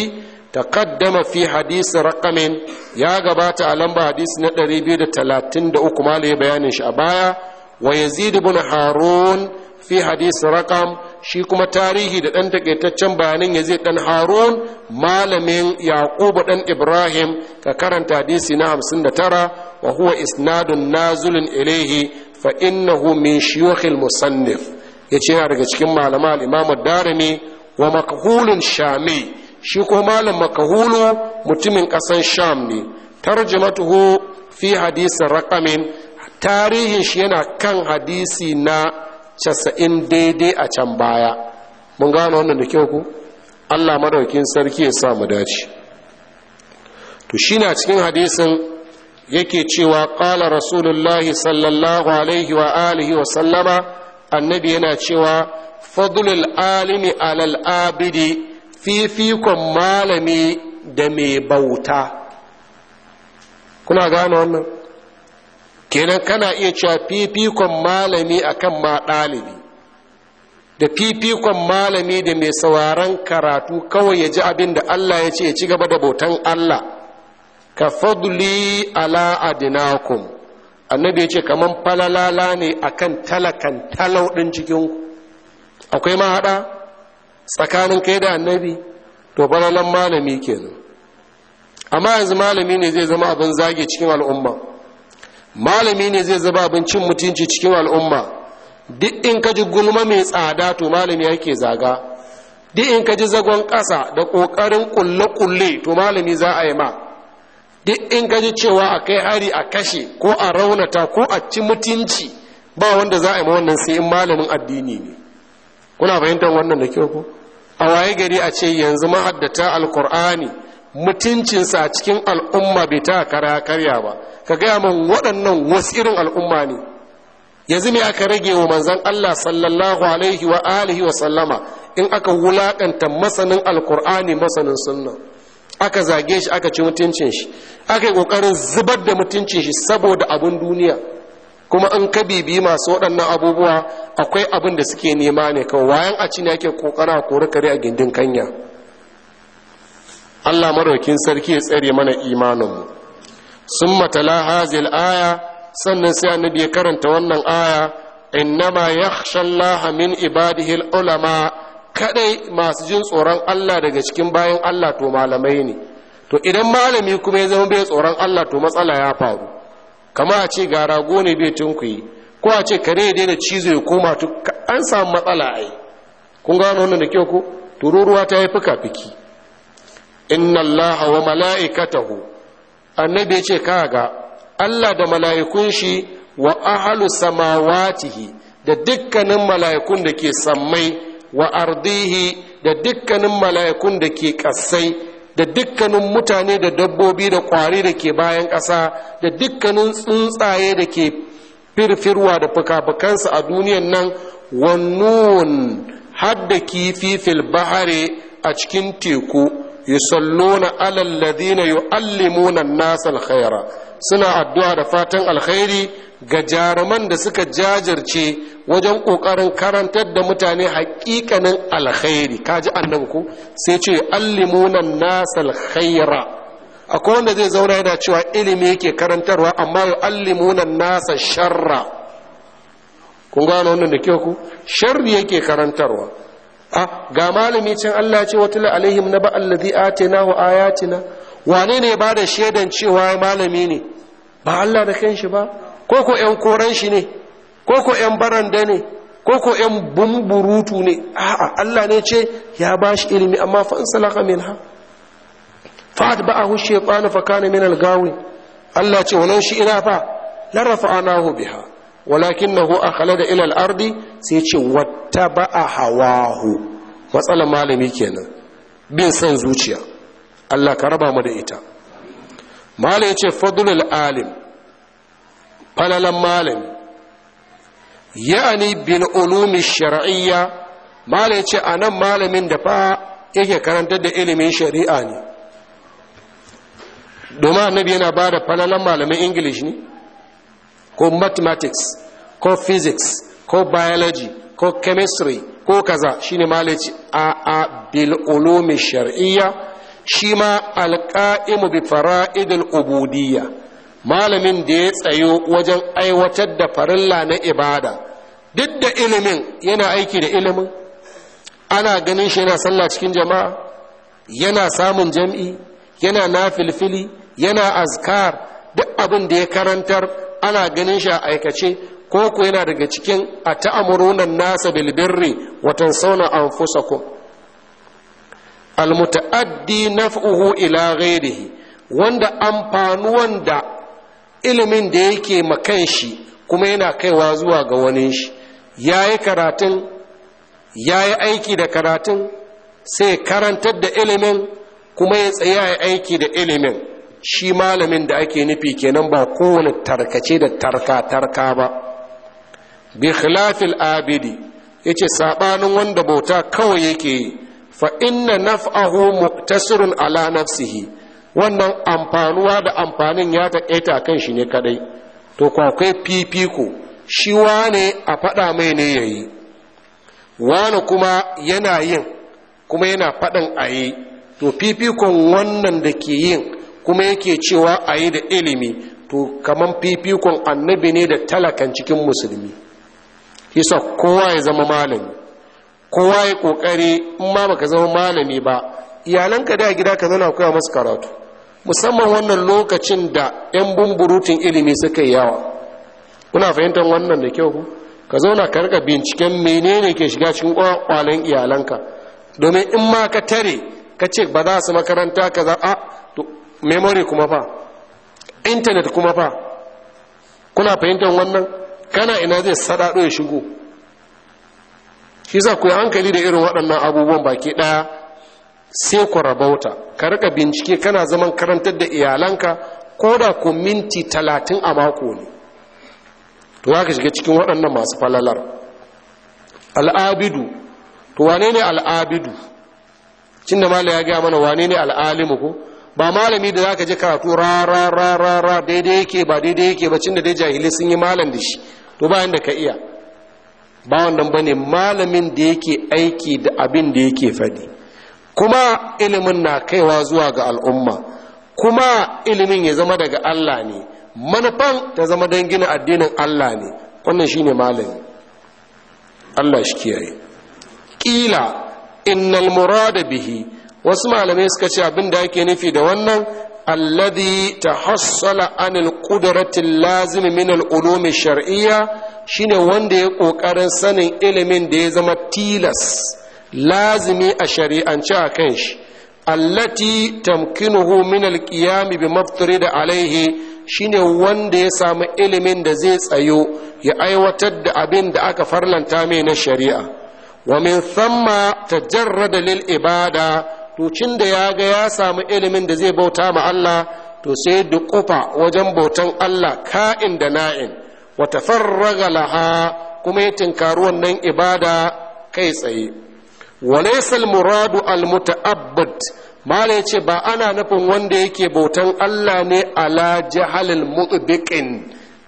taqaddama fi hadisi raqamin ya gabata a lamba hadisi na 233 malai bayanin shi a baya wa yazid ibn harun fi hadisi raqam shi kuma tarihi da ɗan takaitaccen bayanin yazid ɗan harun malamin yaqubu ɗan ibrahim ka karanta hadisi na 59 wa huwa isnadun nazulin ilaihi fa innahu min shiyukhil musannif yace yana daga cikin malama al-imam ad-darimi wa makhulun shami shi ko malam makahulu mutumin kasan sham ne tarjumatuhu fi hadisi raqamin tarihin shi yana kan hadisi na casa'in daidai a can baya mun gano wannan da kyau ku allah madaukin sarki ya sa mu dace to shi na cikin hadisin yake cewa ƙala rasulullahi sallallahu alaihi wa alihi wa sallama annabi yana cewa fadlul alimi alal abidi fifikon malami da mai bauta kuna gano wannan kenan kana iya cewa fifikon malami akan ma ɗalibi da fifikon malami da mai sauraron karatu kawai ya ji abin da Allah ya ce ya ci gaba da bautan Allah ka fadli ala adinakum annabi ya ce kamar falalala ne akan talakan talau ɗin cikin akwai ma haɗa tsakanin kai da annabi to bananan malami kenan amma yanzu malami ne zai zama abin zage cikin al'umma malami ne zai zama abin cin mutunci cikin al'umma duk in ka ji gulma mai tsada to malami yake zaga duk in ka ji zagon ƙasa da ƙoƙarin ƙulle-ƙulle to malami za a yi ma duk in ka ji cewa a kai hari a kashe ko a raunata ko a ci mutunci ba wanda za a yi ma wannan sai in malamin addini ne kuna fahimtar wannan da kyau ko a waye gari a ce yanzu mahaddata alkur'ani mutuncinsa a cikin al'umma bai ta kara karya ba ka gaya min waɗannan wasu irin al'umma ne yanzu ne aka rage wa manzon Allah sallallahu alaihi wa alihi wa sallama in aka wulakanta masanin alkur'ani masanin sunna aka zage shi aka ci mutuncin shi aka yi kokarin zubar da mutuncin shi saboda abun duniya kuma an ka bibi masu waɗannan abubuwa akwai abin da suke nema ne kawai wayan a ci ne ake kokara ko rikari kare a gindin kanya allah maraukin sarki ya tsare mana imaninmu sun matala hazil aya sannan sai annabi ya karanta wannan aya innama yakhshallaha min ibadihi ulama kadai masu jin tsoron allah daga cikin bayan allah to malamai ne to idan malami kuma ya zama bai tsoron allah to matsala ya faru kama a ce ga rago ne bai yi. ko a ce kare ya daina cizo ya koma to an samu matsala ai kun gano wannan da kyau ko tururuwa ta yi fuka fiki inna allaha wa mala'ikatahu annabi ya ce kaga allah da mala'ikun shi wa ahalu samawatihi da dukkanin mala'ikun da ke sammai wa ardihi da dukkanin mala'ikun da ke ƙasai da dukkanin mutane da dabbobi da ƙwari da ke bayan ƙasa da dukkanin tsuntsaye da ke firfirwa da fuka a duniyan nan wannan hadda kifi fil bahare a cikin teku yusalluna alal ladina yu'allimuna an-nasa nasar suna addu'a da fatan alkhairi ga jaruman da suka jajirce wajen ƙoƙarin karantar da mutane haƙiƙanin alkhairi kaji annan ku sai ce allimunan nasa alkhaira akwai wanda zai zauna yana cewa ilimi yake karantarwa amma yi allimunan nasa sharra kun gano wannan da kyau ku sharri yake karantarwa a ah, ga malami can Allah ce wa tula alaihim na ba allazi atina wa ayatina wane ne ba da shaidan cewa malami ne ba Allah da kanshi ba ko ko ƴan koran shi ne ko ko ƴan baranda ne ko ko ƴan bumburutu ne a'a Allah ne ce ya ba shi ilimi amma fa salaka minha fa atba'ahu shaytanu fa kana min al-gawi Allah ce wannan shi ina fa la rafa'anahu biha walakinahu akhlada ila al-ardi sai ce wattaba'a hawahu matsalar malami kenan bin son zuciya Allah ka raba mu da ita malai ce fadlul alim falalan malam ya'ani bil ulumi shar'iyya malai ce anan malamin da fa yake karantar da ilimin shari'a ne domin annabi yana ba da falalan malamin english ne ko mathematics ko physics ko biology ko chemistry ko kaza shine malai ce a a bil ulumi shar'iyya shi ma alƙa'imu bi fara'idul ubudiyya malamin da ya tsayo wajen aiwatar da farilla na ibada duk da ilimin yana aiki da ilimin ana ganin shi yana sallah cikin jama'a yana samun jam'i yana nafilfili yana azkar duk abin da ya karantar ana ganin shi a aikace ko ku yana daga cikin a ta'amurunan nasa bilbirri watan sauna anfusakum almuta'addi naf'uhu ila ghairihi wanda amfanuwan da ilimin da yake makan shi kuma yana kaiwa zuwa ga wani shi yayi karatun yayi aiki da karatun sai karantar da ilimin kuma ya tsaya ya aiki da ilimin shi malamin da ake nufi kenan ba kowane tarkace da tarka-tarka ba bi khilafil abidi yace sabanin wanda bauta kawai yake yi fa inna naf'ahu muktasirun ala nafsihi wannan amfanuwa da amfanin ya taƙaita kan shi ne kadai to kwakwai fifiko shi wane a faɗa mai ne yayi wane kuma yana yin kuma yana faɗin ayi yi to fifikon wannan da ke yin kuma yake cewa ayi da ilimi to kaman fifikon annabi ne da talakan cikin musulmi yasa kowa ya zama malami kowa ya kokari in ma baka zama malami ba iyalanka da gida ka zana koya masu karatu musamman wannan lokacin da yan bumburutun ilimi suka yi yawa kuna fahimtar wannan da kyau ku ka zauna ka rika binciken menene ke shiga cikin kwalan iyalanka domin in ma ka tare ka ce ba za su makaranta ka za a memory kuma fa intanet kuma fa kuna fahimtar wannan kana ina zai sadado ya shigo shi za ku hankali da irin waɗannan abubuwan baki ɗaya sai ku rabauta ka rika bincike kana zaman karantar da iyalanka ko da ku minti talatin a mako ne to ka shiga cikin waɗannan masu falalar al'abidu to wane ne al'abidu cin da ya gaya mana wane ne al'alimu ko ba malami da za ka je karatu rara ra ra daidai yake ba daidai yake ba cin da dai jahilai sun yi malam da shi to bayan da ka iya ba wannan bane malamin da yake aiki da abin da yake faɗi kuma ilimin na kaiwa zuwa ga al'umma kuma ilimin ya zama daga Allah ne manufan ta zama don gina addinin Allah ne wannan shine malami Allah shi kiyaye kila innal murada bihi wasu malamai suka ce abin da ake nufi da wannan alladhi tahassala anil qudratil lazimi min al ulum shar'iyya shine wanda ya ƙoƙarin sanin ilimin da ya zama tilas lazimi a shari'ance a kan shi allati tamkinuhu min al qiyam da maftarid alaihi shine wanda ya samu ilimin da zai tsayo ya aiwatar da abin da aka farlanta mai na shari'a wa min thamma tajarrada lil ibada to da ya ga ya samu ilimin da zai bauta ma Allah to sai da kufa wajen bautan Allah ka'in da na'in wata farraga laha kuma ya tinkari wannan ibada kai tsaye walaisal laysal muradu al muta'abbad mala yace ba ana nufin wanda yake bautan Allah ne ala jahalil mutbiqin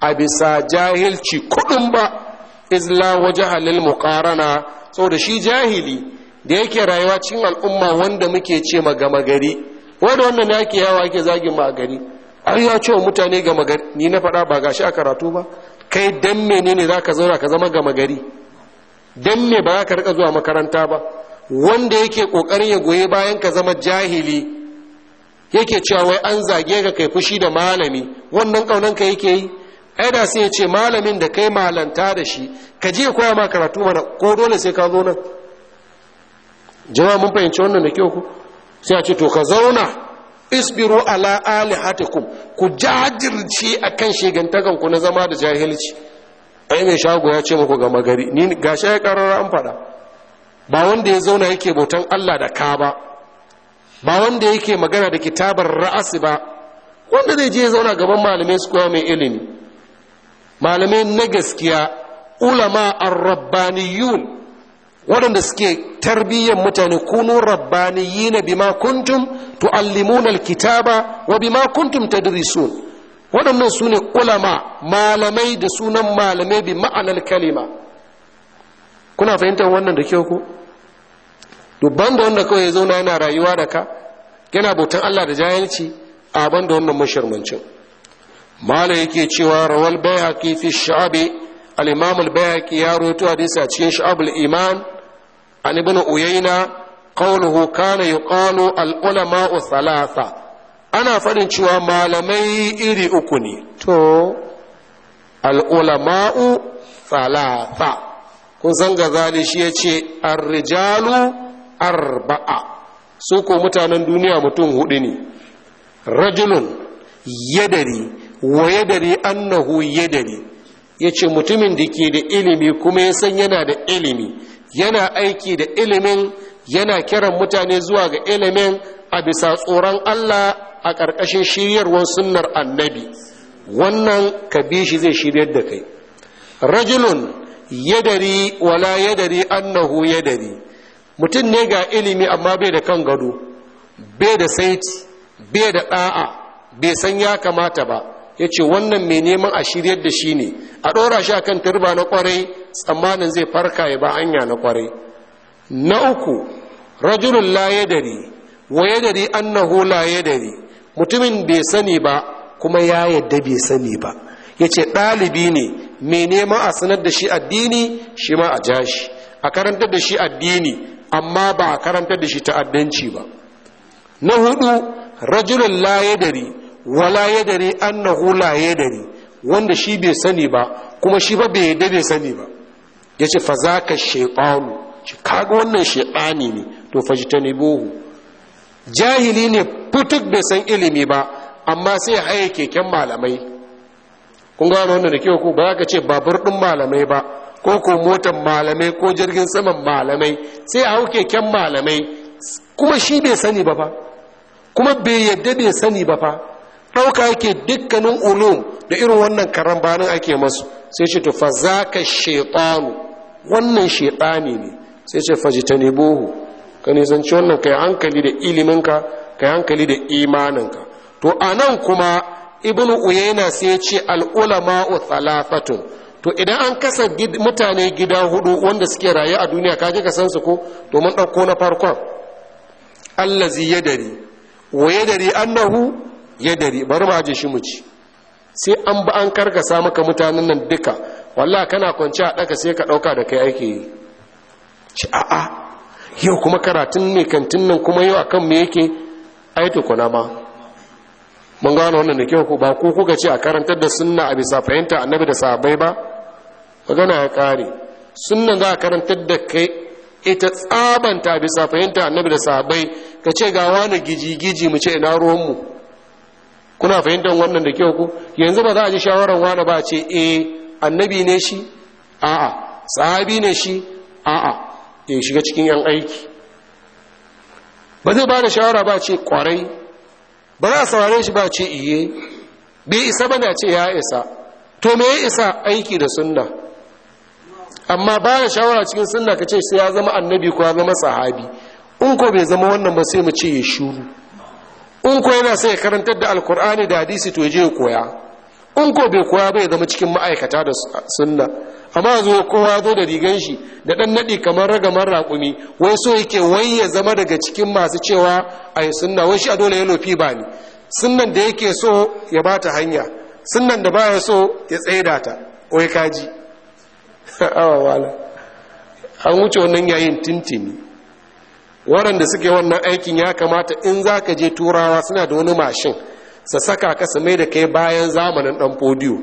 a bisa jahilci kudin ba izla wa jahalil muqarana saboda shi jahili da yake rayuwa cikin al'umma wanda muke ce ma gama gari wanda wannan yake yawa yake zagin ma a gari ai ya ce wa mutane gama gari ni na faɗa ba gashi a karatu ba kai dan menene za ka zauna ka zama gama gari dan me ba za ka rika zuwa makaranta ba wanda yake kokarin ya goye bayan ka zama jahili yake cewa wai an zage ka kai fushi da malami wannan kaunan ka yake yi ai da sai ya ce malamin da kai malanta da shi ka je koya ma karatu mana ko dole sai ka zo nan Jama mun fahimci wannan da kyau ku sai a ce to ka zauna isbiru ala hatikum ku jajirce akan shigantakan ku na zama da jahilci ai mai shago ya ce muku ga magari ni gashi ya karara an fada ba wanda ya zauna yake bautan Allah da ka ba ba wanda yake magana da kitabar ra'asi ba wanda zai je zauna gaban malamai su koya mai ilimi malamai na gaskiya ulama ar-rabbaniyun waɗanda suke tarbiyyar mutane kunu rabbaniyina na kuntum tuallimuna kitaba wa ta kuntum tadrisun waɗannan su ne ulama malamai da sunan malamai bi ma'anar kalima kuna fahimtar wannan da kyau ko dubban da wanda kawai ya zauna yana rayuwa da ka yana bautan Allah da jahilci a ban da wannan mashirmancin mala yake cewa rawal bayaki fi sha'abi al-imam al-bayhaqi ya rawaito hadisi a cikin sha'abul iman an ibn uyayna qawluhu kana yuqalu al ulama thalatha ana faɗin cewa malamai iri uku ne to al ulama thalatha kun san gazali shi yace ar rijalu arba'a su ko mutanen duniya mutum hudu ne rajulun yadari wa yadari annahu yadari ya ce mutumin da ke da ilimi kuma ya san yana da ilimi yana aiki da ilimin yana kiran mutane zuwa ga ilimin a bisa tsoron Allah a ƙarƙashin shiryarwar sunnar annabi wannan ka shi zai shiryar da kai rajulun yadari wala yadari annahu yadari mutum ne ga ilimi amma bai da kan gado bai da saiti bai da ɗa'a bai san ya kamata ba ya ce wannan mai neman a shiryar da shi ne a ɗora shi a kan turba na ƙwarai tsammanin zai farka ya ba hanya na kwarai na uku rajulun la yadari wa yadari annahu la mutumin bai sani ba kuma ya yadda bai sani ba Ya ce ɗalibi ne mai nema a sanar da shi addini shi ma a ja shi a karantar da shi addini amma ba a karantar da shi ta'addanci ba na hudu rajulun la yadari wa la na annahu la wanda shi bai sani ba kuma shi ba bai yadda bai sani ba ya ce fa za ka shaiɓanu kaga wannan shekwani ne to fa ta bohu jahili ne fituk bai san ilimi ba amma sai haye keken malamai kun gano wannan da ke ko ba za ka ce babur ɗin malamai ba ko ko motar malamai ko jirgin saman malamai sai hau keken malamai kuma shi bai sani ba fa kuma bai yadda bai sani ba fa ɗauka yake dukkanin ulum da irin wannan karambanin ake masu sai shi fa za ka shekwanu wannan shaitani ne sai ce fajitanibuhu ka nisanci wannan kai hankali da iliminka kai hankali da imaninka to a nan kuma Ibn uyayna sai ya ce al'ulama ulamau thalathatun to idan an kasa mutane gida hudu wanda suke raye a duniya kaje ka san su ko domin ɗauko na farkon allazi ya dari wa ya dari annahu ya dari bari ma aje shi muci sai an ba an karkasa maka mutanen nan duka wallah kana kwanci a ɗaka sai ka ɗauka da kai aiki yi ci a'a yau kuma karatun ne kantin nan kuma yau a kan me yake aiki kuna ma mun gano wannan da kyau ku ba ku kuka ce a karantar da sunna a bisa fahimta annabi da sahabbai ba magana ya kare sunnan za a karantar da kai ita tsabanta bisa fahimta annabi da sahabbai ka ce ga wani gijigiji mu ce ina ruwanmu kuna fahimtar wannan da kyau ku yanzu ba za a ji shawarar wani ba ce eh annabi ne shi a'a sahabi ne shi a'a ya shiga cikin yan aiki ba zai ba da shawara ba ce kwarai ba za a saurare shi ba ce iye bai isa ba da ce ya isa to me isa aiki da sunna amma ba da shawara cikin sunna ka ce sai ya zama annabi ko ya zama sahabi in ko bai zama wannan ba sai mu ce ya shuru in ko yana sai ya karantar da alkur'ani da hadisi to ya je ya koya in ko bai kowa bai zama cikin ma'aikata da sunna amma zo kowa zo da rigan shi da dan nadi kamar ragamar raƙumi wai so yake wai ya zama daga cikin masu cewa a yi sunna wai shi a dole ya lofi ba ni sunnan da yake so ya bata hanya sunnan da ba ya so ya tsaida ta wai kaji an wuce wannan yayin tintini waɗanda suke wannan aikin ya kamata in za ka je turawa suna da wani mashin su saka ka su mai da kai bayan zamanin dan fodiyo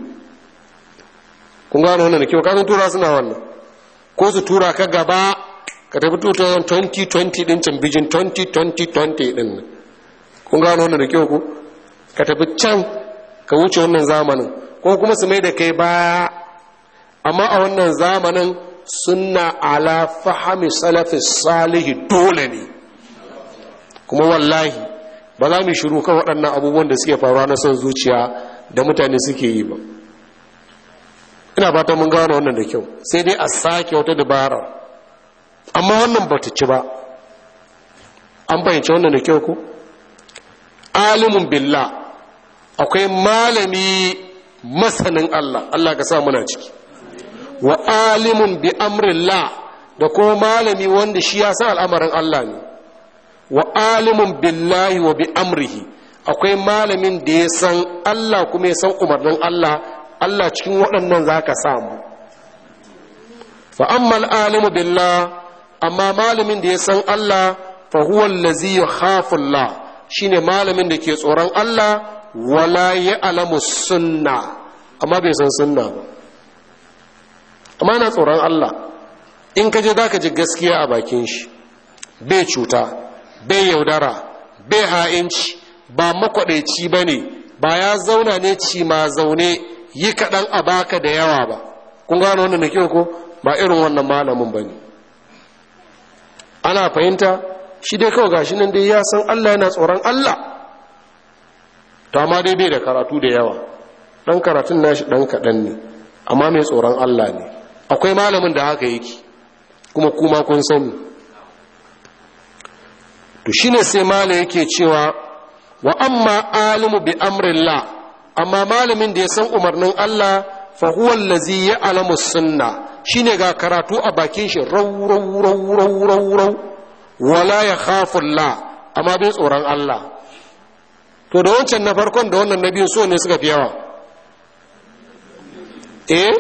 kun gano wannan da kyau kasan tura suna wannan ko su tura ka gaba ka tafi tutar 2020 din can bijin 2020 din kun gano wannan da kyau ku ka tafi can ka wuce wannan zamanin ko kuma su mai da kai baya amma a wannan zamanin suna ala fahami Salafi salihi dole ne kuma wallahi ba za mu shiru kan waɗannan abubuwan da suke faruwa na son zuciya da mutane suke yi ba ina fata mun gano wannan da kyau sai dai a sake wata dabara. amma wannan ba ta ci ba an bayyance wannan da kyau ko alimun billa akwai malami masanin Allah Allah ka sa muna ciki wa alimun bi la, da kuma malami wanda shi ya san al'amarin Allah ne wa alimun billahi wa bi amrihi akwai malamin da ya san Allah kuma ya san umarnin Allah Allah cikin waɗannan za ka samu fa amma alimu billah amma malamin da ya san Allah fa huwa allazi yakhafullah shine malamin da ke tsoron Allah wala ya alamu sunna amma bai san sunna ba amma na tsoron Allah in ka je za ka ji gaskiya a bakin shi bai cuta bai yaudara bai ha'inci ba makwadaici ba ne ba ya zauna ne ci ma zaune yi kaɗan a baka da yawa ba kun gano wannan da kyau ko ba irin wannan malamin ba ne ana fahimta shi dai kawai gashi nan dai ya san allah yana tsoron allah ta ma dai bai da karatu da yawa ɗan karatun nashi ɗan kaɗan ne amma mai tsoron allah ne akwai malamin da haka yake kuma kuma kun sani to shine sai malam yake cewa wa amma alimu bi amrillah amma malamin da ya san umarnin Allah fa huwa allazi ya'lamu sunna shine ga karatu a bakin shi rau rau rau rau wala ya khafu Allah amma bai tsoron Allah to da wancan na farkon da wannan nabi so ne suka fi yawa eh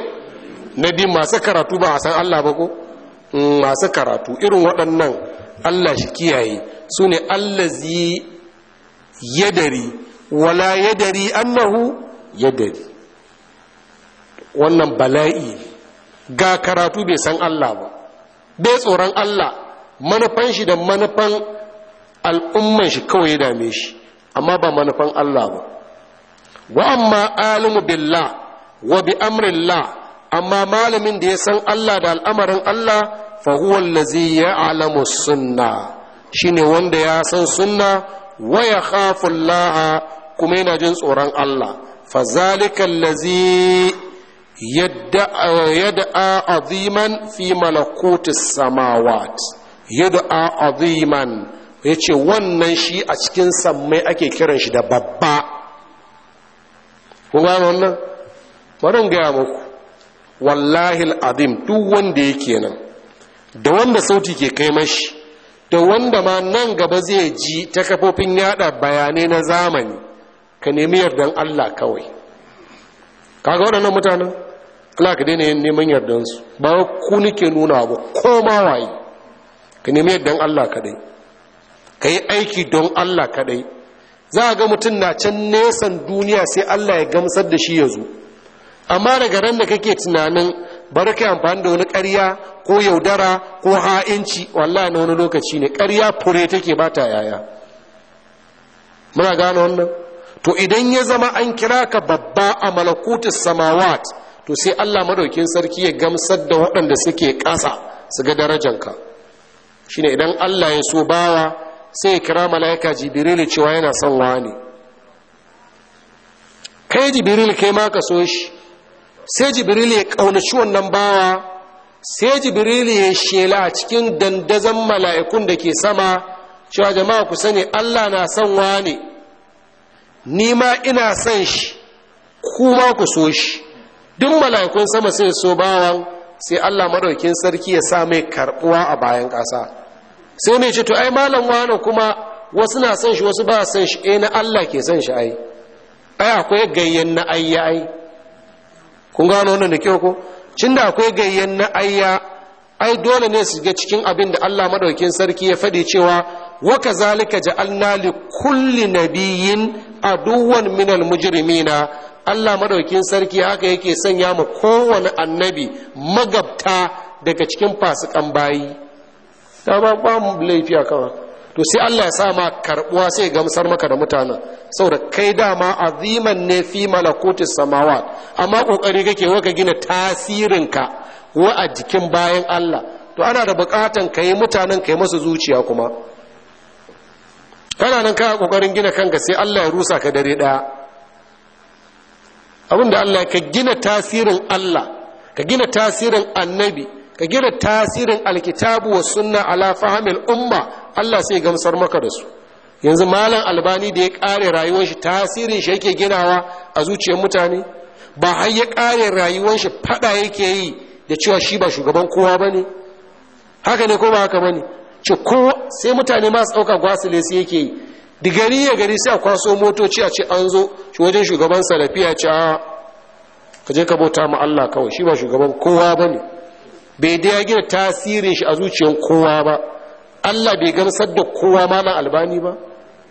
nabi masu karatu ba a san Allah ba ko mm, masu karatu irin waɗannan Allah shi kiyaye su ne allazi yadari wala yadari annahu yadari wannan bala'i ga karatu bai san Allah ba bai tsoron Allah manufan shi da manufan al'umman shi kawai ya dame shi amma ba manufan Allah ba wa amma alimu billah wa bi amrillah amma malamin da ya san Allah da al'amarin Allah fa huwa alamu sunna suna. shine wanda ya san sunna waya ya khafu kuma yana jin tsoron Allah fa zalika yadda yad'a aziman fi malakutis samawat yad'a aziman yace wannan shi a cikin sammai ake kiran shi da babba Ko gano wannan bari gaya muku wallahi al'azim duk wanda yake nan da wanda sauti ke kai mashi da wanda ma nan gaba zai ji ta kafofin yada bayanai na zamani ka nemi yardan Allah kawai kaga waɗannan mutanen Allah ka daina yin neman yardansu ba ku nake nuna ba ko ma waye ka nemi yardan Allah kadai ka yi aiki don Allah kadai za a ga mutum na can nesan duniya sai Allah ya gamsar da shi ya zo amma daga ran da kake tunanin bari kai amfani da wani ƙarya ko yaudara ko ha'inci wallahi na wani lokaci ne ƙarya fure take ba ta yaya muna gane wannan to idan ya zama an kira ka babba a malakutus samawat to sai Allah madaukin sarki ya gamsar da waɗanda suke ƙasa su ga darajanka shine idan Allah ya so bawa sai ya kira mala'ika jibril cewa yana son wani kai jibril kai ma ka so shi sai jibril ya kauna kaunaci wannan bawa sai jibril ya shela a cikin dandazon mala'ikun da ke sama cewa jama'a ku sani Allah na son wani ni ma ina son shi kuma ku so shi duk mala'ikun sama sai so bawan sai Allah madaukin sarki ya sa mai karbuwa a bayan ƙasa sai mai ce to ai malam wani kuma wasu na son shi wasu ba son shi eh na Allah ke son shi ai ai akwai gayyan na ayyai. kun gano wannan da kyau ko cin akwai gayyan na ayya ai dole ne su ga cikin abin da Allah madaukin sarki ya faɗi cewa wa kazalika ja'alna li kulli nabiyyin aduwwan al mujrimina Allah madaukin sarki haka yake sanya mu kowane annabi magabta daga cikin fasikan bayi ta ba ba mu laifi kawai to sai Allah ya sa ma karbuwa sai gamsar maka da mutanen saboda kai dama aziman ne fi malakutis samawat amma kokari kake waka gina tasirinka wa a jikin bayan Allah to ana da bukatan kai mutanen kai masu zuciya kuma kana nan ka kokarin gina kanka sai Allah ya rusa ka dare daya abinda Allah ka gina tasirin Allah ka gina tasirin annabi ka gina tasirin alkitabu wa sunna ala fahimil umma Allah sai gamsar maka da su yanzu malam albani da ya kare rayuwar shi tasirin shi yake ginawa a zuciyar mutane ba har ya kare rayuwar shi fada yake yi da cewa shi ba shugaban kowa ba ne? haka ne ko ba haka ne ce ko sai mutane masu ɗauka gwasile su yake yi digari ya gari sai a kwaso motoci a ce an zo wajen shugaban salafiya ce a ka je ka bauta ma Allah kawai shi ba shugaban kowa ba ne. bai da ya gina tasirin shi a zuciyar kowa ba Allah bai gamsar da kowa malam albani ba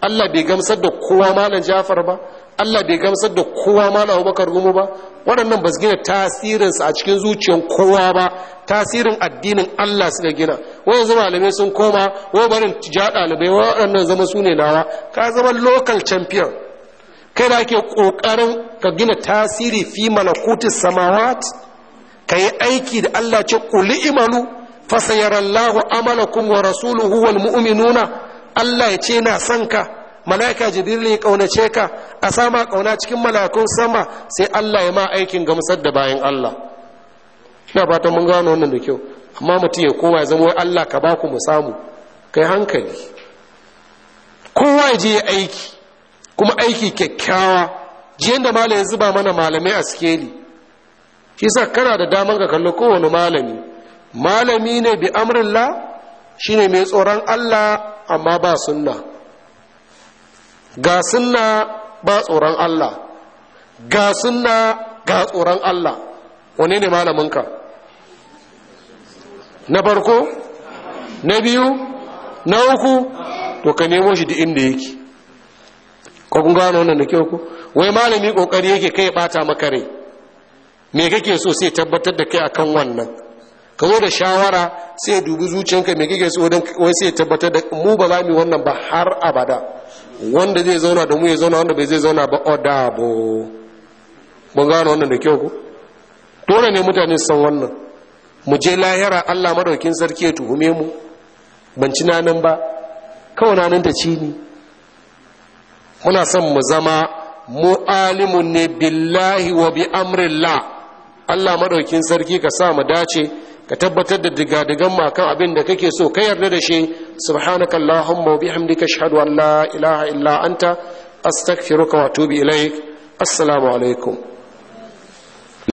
Allah bai gamsar da kowa malam jafar ba Allah bai gamsar da kowa malam abubakar gumu ba waɗannan ba su gina tasirinsu a cikin zuciyar kowa ba tasirin addinin Allah suka gina wani yanzu malamai sun koma wani barin ja ɗalibai waɗannan zama su ne nawa ka zama local champion kai da ke ƙoƙarin ka gina tasiri fi malakutis samawat ka yi aiki da Allah ce ƙuli imanu fasayarallahu amalakum wa rasuluhu wal mu'minuna Allah ya ce na son ka malaika jibril ya kaunace ka a sama kauna cikin malakun sama sai Allah ya ma aikin gamsar da bayan Allah ina fatan mun gano wannan da kyau amma mutum ya koma ya zama Allah ka baku mu samu kai hankali kowa ya je ya aiki kuma aiki kyakkyawa jiyan da malam ya zuba mana malamai a sikeli shi sa kana da damar ka kalli kowane malami malami ne bi shi ne mai tsoron Allah amma ba sunna ga sunna ba tsoron Allah ga sunna ga tsoron Allah wane ne malaminka na farko na biyu na uku to ka nemo shi duk inda yake ko gano wannan da kyau ku wai malami kokari yake kai bata maka rai me kake so sai tabbatar da kai akan wannan ka zo da shawara sai dubi zuciyanka me kake so wai sai tabbatar da mu ba za mu wannan ba har abada wanda zai zauna da mu ya zauna wanda bai zai zauna ba oda bo mun gano wannan da kyau ko dole ne mutane su san wannan mu je lahira Allah madaukin sarki ya tuhume mu ban ci nanin ba kawana nanin ta ci ni muna son mu zama mu alimun ne billahi wa bi amrillah Allah madaukin sarki ka sa mu dace ka tabbatar da digadigan mu kan abin da kake so ka yarda da shi subhanaka allahumma wa bihamdika ashhadu an la ilaha illa anta astaghfiruka wa atubu ilaik assalamu alaikum